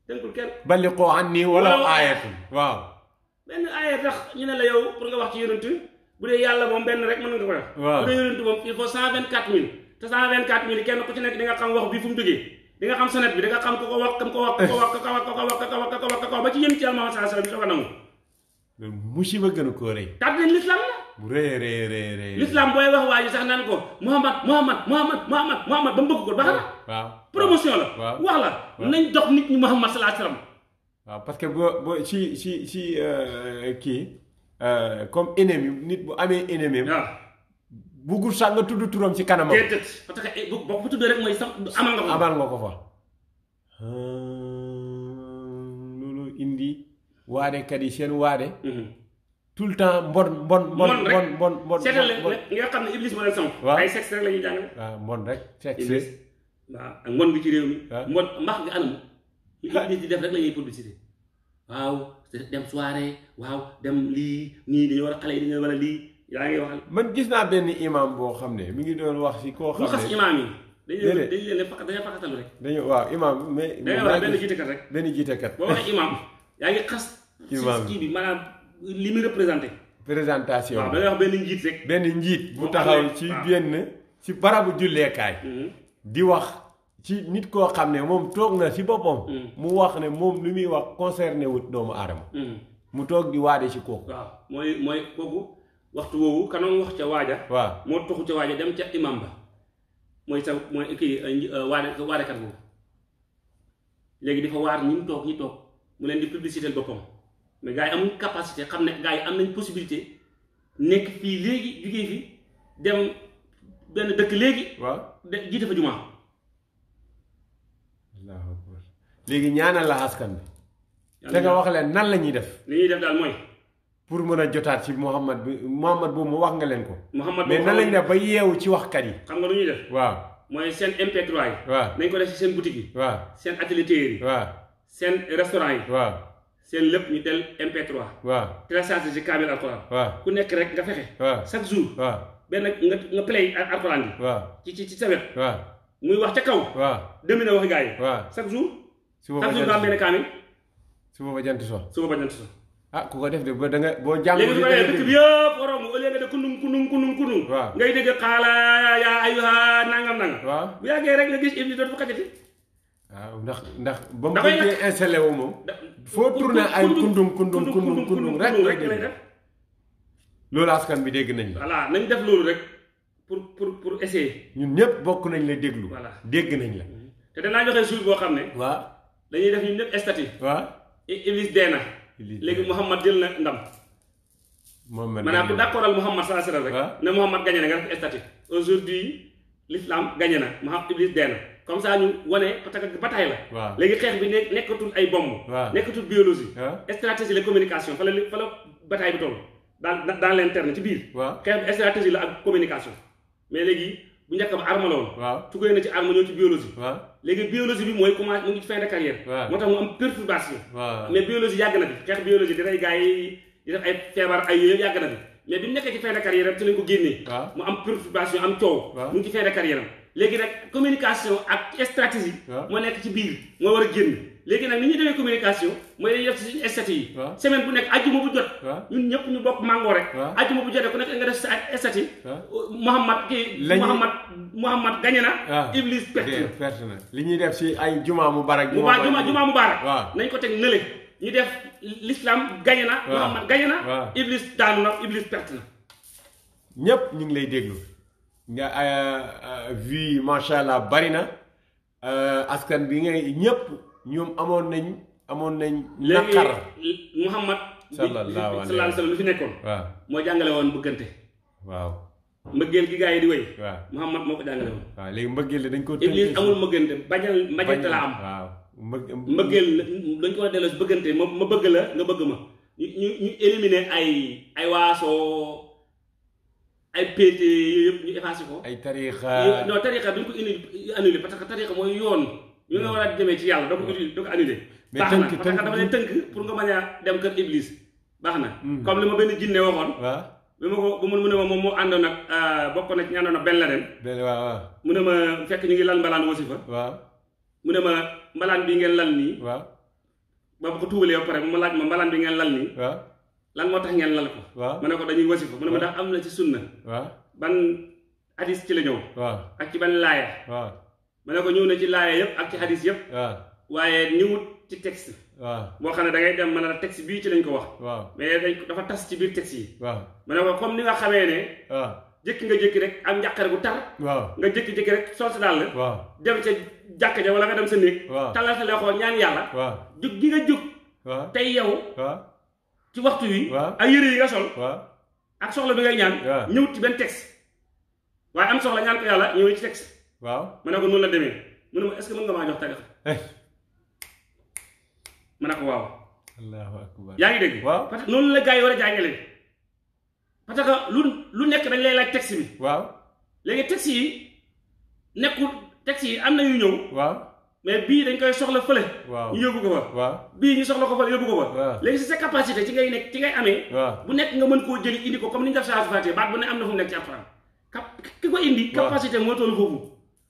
tënkul kenn balliqoo anni wala aayatun waaw benn aaya tax ñu ne la yow pour nga wax ci yonent bu dee yàlla moom benn rek mën nga ko def bu dee yonent moom il faut cent vingt quatre mille te cent vingt quatre mille kenn ku ci nekk di nga xam wax bi fu mu duggee di nga xam sanat bi di nga xam ko ko wax kam ko wax ko wax ko ko wax ko ko wax ko ko wax ko ko wax ba ci yéen ci yàlla Muhammad sallallahu alayhi wasallam bi soo ko nangu musiba gën a ko rëy tàdd nañ l'islam la bu rëy rëy rëy rëy. l'islam booy wax waa ji sax naan ko Muhammad Muhammad Muhammad Muhammad Muhammad ba mu bëgg ko baax na. promotion la. wax la nañ dox nit ñi Muhammad sallallahu alayhi wasallam. waaw parce que boo boo si si euh, euh, comme nit bu amee ennemi. waaw ci kanamam. déedéet eh, rek mooy sax amal nga ko. fa. Ah, loolu indi waarekat yi seen waare. Mhm. tout le temps mbon mbon. mbon mbon mbon mbon seetal li xam ne iblis moo leen sonk. waaw ay sexe rek la ñuy jàngale. waaw mbon rek. sexe waaw ak mbax nga anam. li nii dañoo war yaa ngi waxal. man gis naa benn imam boo xam ne mi ngi doon wax si koo xam ne imaam yi. dañu leen dañu leen faxatalu rek. dañu waaw imaam mais. da ngay wax benn jiitekat rek benn jiitekat. boo yaa ngi xas. imaam bi li muy représenté. présentation waaw ngay wax benn njiit rek. benn njiit bu taxaw ci benn ci barabu julleekaay. Mm-hmm. di wax ci nit koo xam ne moom toog na si boppam. Mm-hmm. mu wax ne moom lu muy wax concerné wut doomu aadama. Mm-hmm. mu toog di waade ci kooku. waaw mooy mooy kooku waxtu woowu kanoon wax ca waaja. waaw moo toxu ca waaja dem ca imam ba mooy sa mooy kii euh, waade waadekat boobu léegi dafa waar ñi mu toog ñi toog mu leen di publicité boppam. mais gars yi amuñ capacité xam ne gars yi am nañ possibilité nekk fii léegi jugee fi dem benn dëkk léegi. waaw de jiite fa jumaa. léegi ñaanal la askan bi. te nga wax leen nan la ñuy def. li ñuy def daal mooy. pour mën a jotaat ci Mouhamad bi Mouhamad boobu mu wax nga leen ko. Mouhamad mais nan lañ def ba yeewu ci waxkat yi. xam nga lu ñuy def. waaw mooy seen MP3 yi. waaw nañ ko def ci seen boutique yi. waaw seen atelier yi. waaw seen restaurant yi. seen lépp ñu del MP3. waaw téléchargé ci kaamil alxuraan. waaw ku nekk rek nga fexe. waaw chaque jour. waaw benn nga nga play alxuraan bi. waaw ci ci ci sa wet. waaw muy wax ca kaw. waaw demi na waxi gars yi. waaw chaque jour. su booba jant chaque jour nga am benn kaamil. su booba jant so. su booba jant so. ah ku ko def de ba da nga boo jàng. léegi su ma yee dëkk bi yëpp waroon au lieu nga de kundum kundum kundum kundum. waaw ngay dégg xaala yaa ayuha nangam nangam. waaw bu yàggee rek nga gis ibni dootu fa xajati. waaw ndax ndax. ba mu bëggee installé moom. foo tourné ay kundum kundum kundum kundum rek rek loolu askan bi dégg nañ la. nañ def loolu rek pour pour pour essayer. ñun ñëpp bokk nañ la déglu. voilà dégg nañ la. Mhm. te danaa joxe suuf boo xam ne. waaw dañuy def ñun ñëpp statut. waaw dee na. léegi Mouhamad jël na ndam. moom man maanaam ku d'accordal Mouhamad saa si rek. ne Mouhamad gagné na nga def statut. aujourd'hui l'islam gagné na Mouhamad Iblis dee na. comme ça ñu wane parce que bataille la. waaw léegi xeex bi nekkatul ay bomb. waaw nekkatul biologie. stratégie la communication fa la fa la bataille bi toll. dans dans l'interne ci biir. waaw xeex bi stratégie la ak communication. mais léegi bu njëkk ba arme la woon. waaw tukkee na ci arme ñëw ci biologie. waaw moo tax mu am perturbation. mais biologie yàgg na bi xeex biologie di rey gars yi di def ay feebar ay yooyu yàgg na bi mais bi mu nekkee ci fin de carrière ci ko génnee. mu am perturbation am coow. mu ngi ci léegi nag communication ak stratégie. moo nekk ci biir moo war a génn. léegi nag ni ñuy defee communication mooy dañuy def ci suñu semaine bu nekk ajjuma bu jot. ñun ñëpp ñu bokk mango rek. waaw ajjuma bu jotee ku nekk nga def sa statut. Mouhamad kii. la ñuy Mouhamad Mouhamad gañe na. Iblis perte li ñuy def si ay juma mubarak. juma juma mubarak. waaw nañ ko teg nële. ñu def lislaam gañe na. waaw gañe na. Iblis daanu na Iblis perte na. ñëpp ñu ngi lay déglu. nga euh, euh, vie yi macha allah bari na euh, askan bi nga ñëpp ñoom amoon nañ amoon nañ. naqar léegi Muhammad. sallallahu alayhi wa sallam li fi nekkoon. waaw moo jàngale woon bëggante. waaw. mbëggeel gi gars yi di wéy. waaw Muhammad moo ko jàngale woon. waaw léegi mbëggeel dañ ko. Iblis amul la dañ ko war bëggante ma ma bëgg la nga bëgg ma ñu ñu éliminer ay ay waasoo. ay PT yooyu yëpp ñu effacé ko. ay tarixa non tarixa duñ ko indi annulé parce que tarixa mooy yoon. yu nga war a demee ci yàlla doo ko indi doo ko annulé. baax na parce que dama tënk pour nga bañ a dem kër Iblis. baax na hmm. comme li ma benn jinne waxoon. waaw bi ma ko mu ne ma moom moo àndoon ak euh, bokk na ci ñu àndoon ak Ben Laden. Ben waaw waaw. mu ne ma fekk ñu ngi lal mbalaan wasifa. waaw mu ne ma mbalaan bi ngeen lal nii. waaw ba ko tuubalee ba pare ma bi ngeen lal lan moo tax ngeen lal ko. waaw mu ne ko dañuy wasifa mu ne ma a am na ci sunna. waaw ban hadis ci la ñëw. ak ci ban laaya. waaw mu ne ko ñëw na ci laaya yëpp ak ci hadis yëpp. waaye ñëwut ci texte. waaw boo xam ne da ngay dem mën a texte bii ci lañ ko wax. mais dañ dafa tas ci biir texte yi. waaw mu comme ni nga xamee ne. waaw jékki nga jékki rek am njàqare bu tar. waaw nga jékki-jékki rek soosu daal la. waaw dem sa jàkka ja wala nga dem sa néeg. waaw talal sa loxo ñaan yàlla. waaw jug gi nga jug. tey yow. ci waxtu wi. waaw ak yére yi nga sol. waaw ak soxla bi ngay ñaan. waaw ñëwut ci benn waaye am soxla ñaan ko yàlla ñëwee ci texte. waaw ma a ko noonu la demee mu ne ma est-ce nga maa jox tagata. Eh. ma ne ko waaw. yaa ngi dégg. waaw parce que noonu la gaa yi war a jàngale. parce que lu lu nekk dañ lay laaj texte bi. waaw léegi texte yi nekkul texte yi am na yu ñëw. mais bii dañ koy soxla fële. waaw ñu yóbbu ko fa. waaw bii ñu soxla ko fële yóbbu ko fa. léegi si sa capacité ci ngay nekk ci ngay amee. bu nekk nga mën koo jëli indi comme ni ñu def saa su fàttee baat bu ne am indi.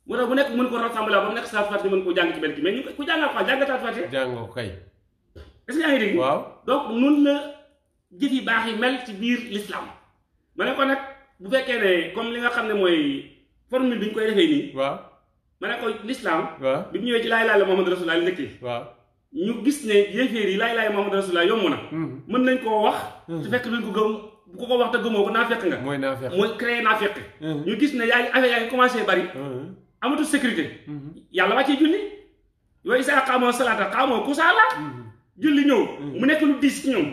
bu nekk mën ko rassembler ba mu nekk saa su fàttee mën koo jàng ci benn kii mais ñu ku jàngal quoi baax yi ci biir l'islam ma ne ko nag bu fekkee ne comme li nga xam ne mooy formule bi ñu koy defee nii. waaw ma ne lislaam bi mu ñëwee ci laa ilaaha illa Muhammadu Rasulullah li njëkkee ñu gis ne yéeféer yi laa ilaaha illa Muhammadu Rasulullah yomb na hmm. mën nañ koo wax su hmm. fekk luñ ko gëm bu ko wax te gëmoo ko naa fekk nga mooy naa fekk mooy hmm. ñu gis ne yaa ngi affaire yaa ngi bari amatu sécurité yàlla wàccee julli yooyu isaa xaamoo salaata xaamoo kusaala julli ñëw mu nekk lu diis ci ñoom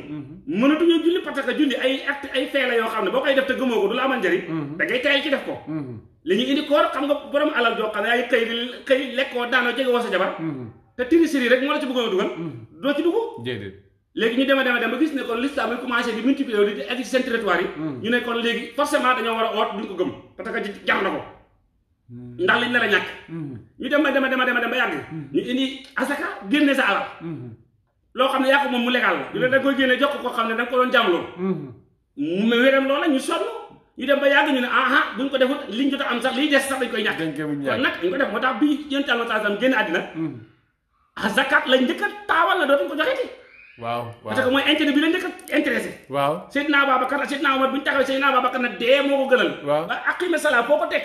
mënatuñu julli parce que julli ay acte ay fee la yoo xam ne boo koy def te gëmoo ko du la amal def ko li ñu indi koor xam nga borom alal joo xam ne ay xëy xëy lekkoo daanoo jege woo sa jabar mm-hmm. te tiri siri rek moo la ci a mm-hmm. ñu dema dema dem ba gis ne kon l'islam commencé di multiplier di egg ci seen territoire yi mm-hmm. ñu ne kon léegi que na ko ndax liñ nar a ñàkk ñu dem ba dema dema dema dem ba yàgg ñu indi asaka génne sa alal loo xam ne yaa ko moom mu légal la ñu ne da koy génne jox ko koo xam ne da nga ko doon jàmloo mu wéram loola ñu sonn ñu dem ba yàgg ñu ne aha ah, buñ ko defut liñ jot a am sax liy des sax koy ñàkk kon nag dañ ko def moo tax bi yonent Yàlla sallallahu alayhi hmm. ah, a la dootuñ ko joxeeti waaw parce que mooy bi la a intéressé dee moo ko gënal waaw wa aqime sala foo ko teg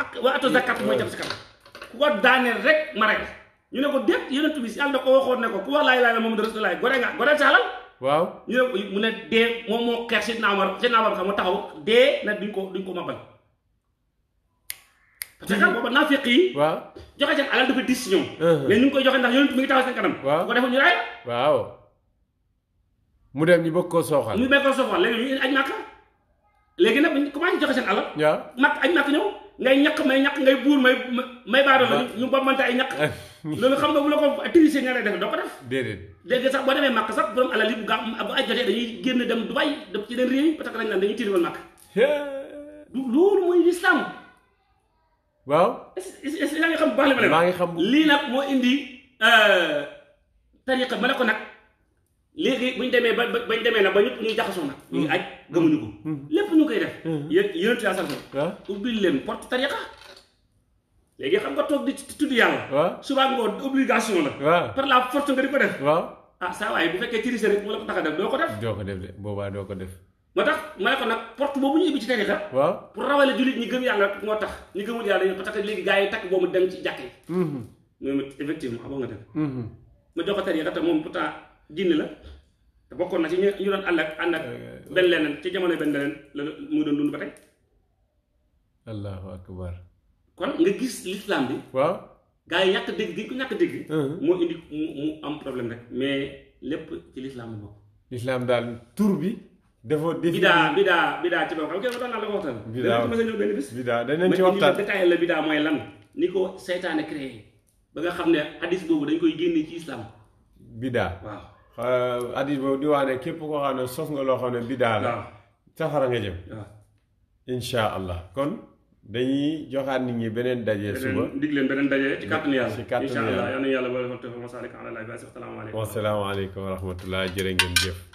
ak ato zakat mooy jëm si kanam ku ko daaneel rek ma rek ñu ne ko déet yonent bi Yàlla da ko waxoon ne ko ku wax laa ilaaha illallaah Muhammadu rasuulullaah gore nga gore sa alal waaw yéen mu ne dee moom moo xeex Seydina Omar Seydina Omar xam nga taxaw dee nag duñ ko duñ ko ma bañ. parce que yi. waaw joxe seen alal dafa dis si ñoom. mais ñu ngi koy joxe ndax yonent mi ngi taxaw seen kanam. waaw bu ko defoon ñu raay. waaw mu dem ñu bëgg koo sooxal. ñu bëgg koo sooxal léegi ñu aj màkk léegi nag buñ commencé joxe seen alal. waaw màkk aj màkk ñëw ngay ñàkk may ñàkk ngay buur may may baadoo. waaw ñu bombante ay ñàkk. loolu xam nga bu la ko tricher nga lay def doo ko def. déedéet léegi sax boo demee màkk sax borom alal yi bu gaaw bu aj jotee dañuy génn dem Dubai dem ci leen réew yi parce que dañ naan dañuy tiiriwal màkk. loolu mooy lislaam. waaw. est ce yaa ngi xam bu baax li ma leen. maa ngi xam lii nag moo indi euh, tariqa ma ne ko nag léegi bu ñu demee ba ba ñu demee nag ba ñëpp ñuy jaxasoo nag. ñuy hmm. aj gëmuñu ko. Hmm. Hmm. lépp ñu koy def. yéen yéen ci asal ubbil leen porte tariqa. léegi xam nga toog di tudd yàlla. waaw suba ngoon obligation la. waaw par la force nga di ko def. ah saa waaye bu fekkee ci risé rek moo la ko tax a def doo ko def. doo ko def de boobaa doo ko def. moo tax ma ne ko nag porte boobu ñu ubbi ci tarixa waaw pour rawale jullit ñi gëm yàlla moo tax ñi gëmul yàlla yi parce léegi gars yi takk boobu dem ci jàkk yi. Mm-hmm. moom effectivement boo nga def. Mm-hmm. ma jox ko tarixa te la te bokkoon na ci ñu ñu doon ànd ak ànd ak euh, benn leneen ci jamono benn leneen la mu doon dund ba tey. allahu akbar kon nga gis l'islam bi. waaw gars yi ñàkk dégg gi ko ñàkk dégg. moo indi mu am problème rek mais lépp ci l'islam la bokk. l'islam daal tur bi. dafa défi bidaa bidaa bidaa ci boppam xam nga ko waxtaan. bidaa a ba nga xam ne hadis boobu dañ koy génne ci islam. bidaa waaw. hadis boobu di wax képp koo xam ne sos nga loo xam ne bidaa la. safara nga jëm. waaw incha allah kon. dañuy joxaat nit ñi beneen daje suba dig leen beneen daje ci kàttanu yàlla ci kàttanu yàlla incha allah yal na yàlla boole fa tawfiq wa salaamaaleykum wa rahmatulah jërë ngeen jëf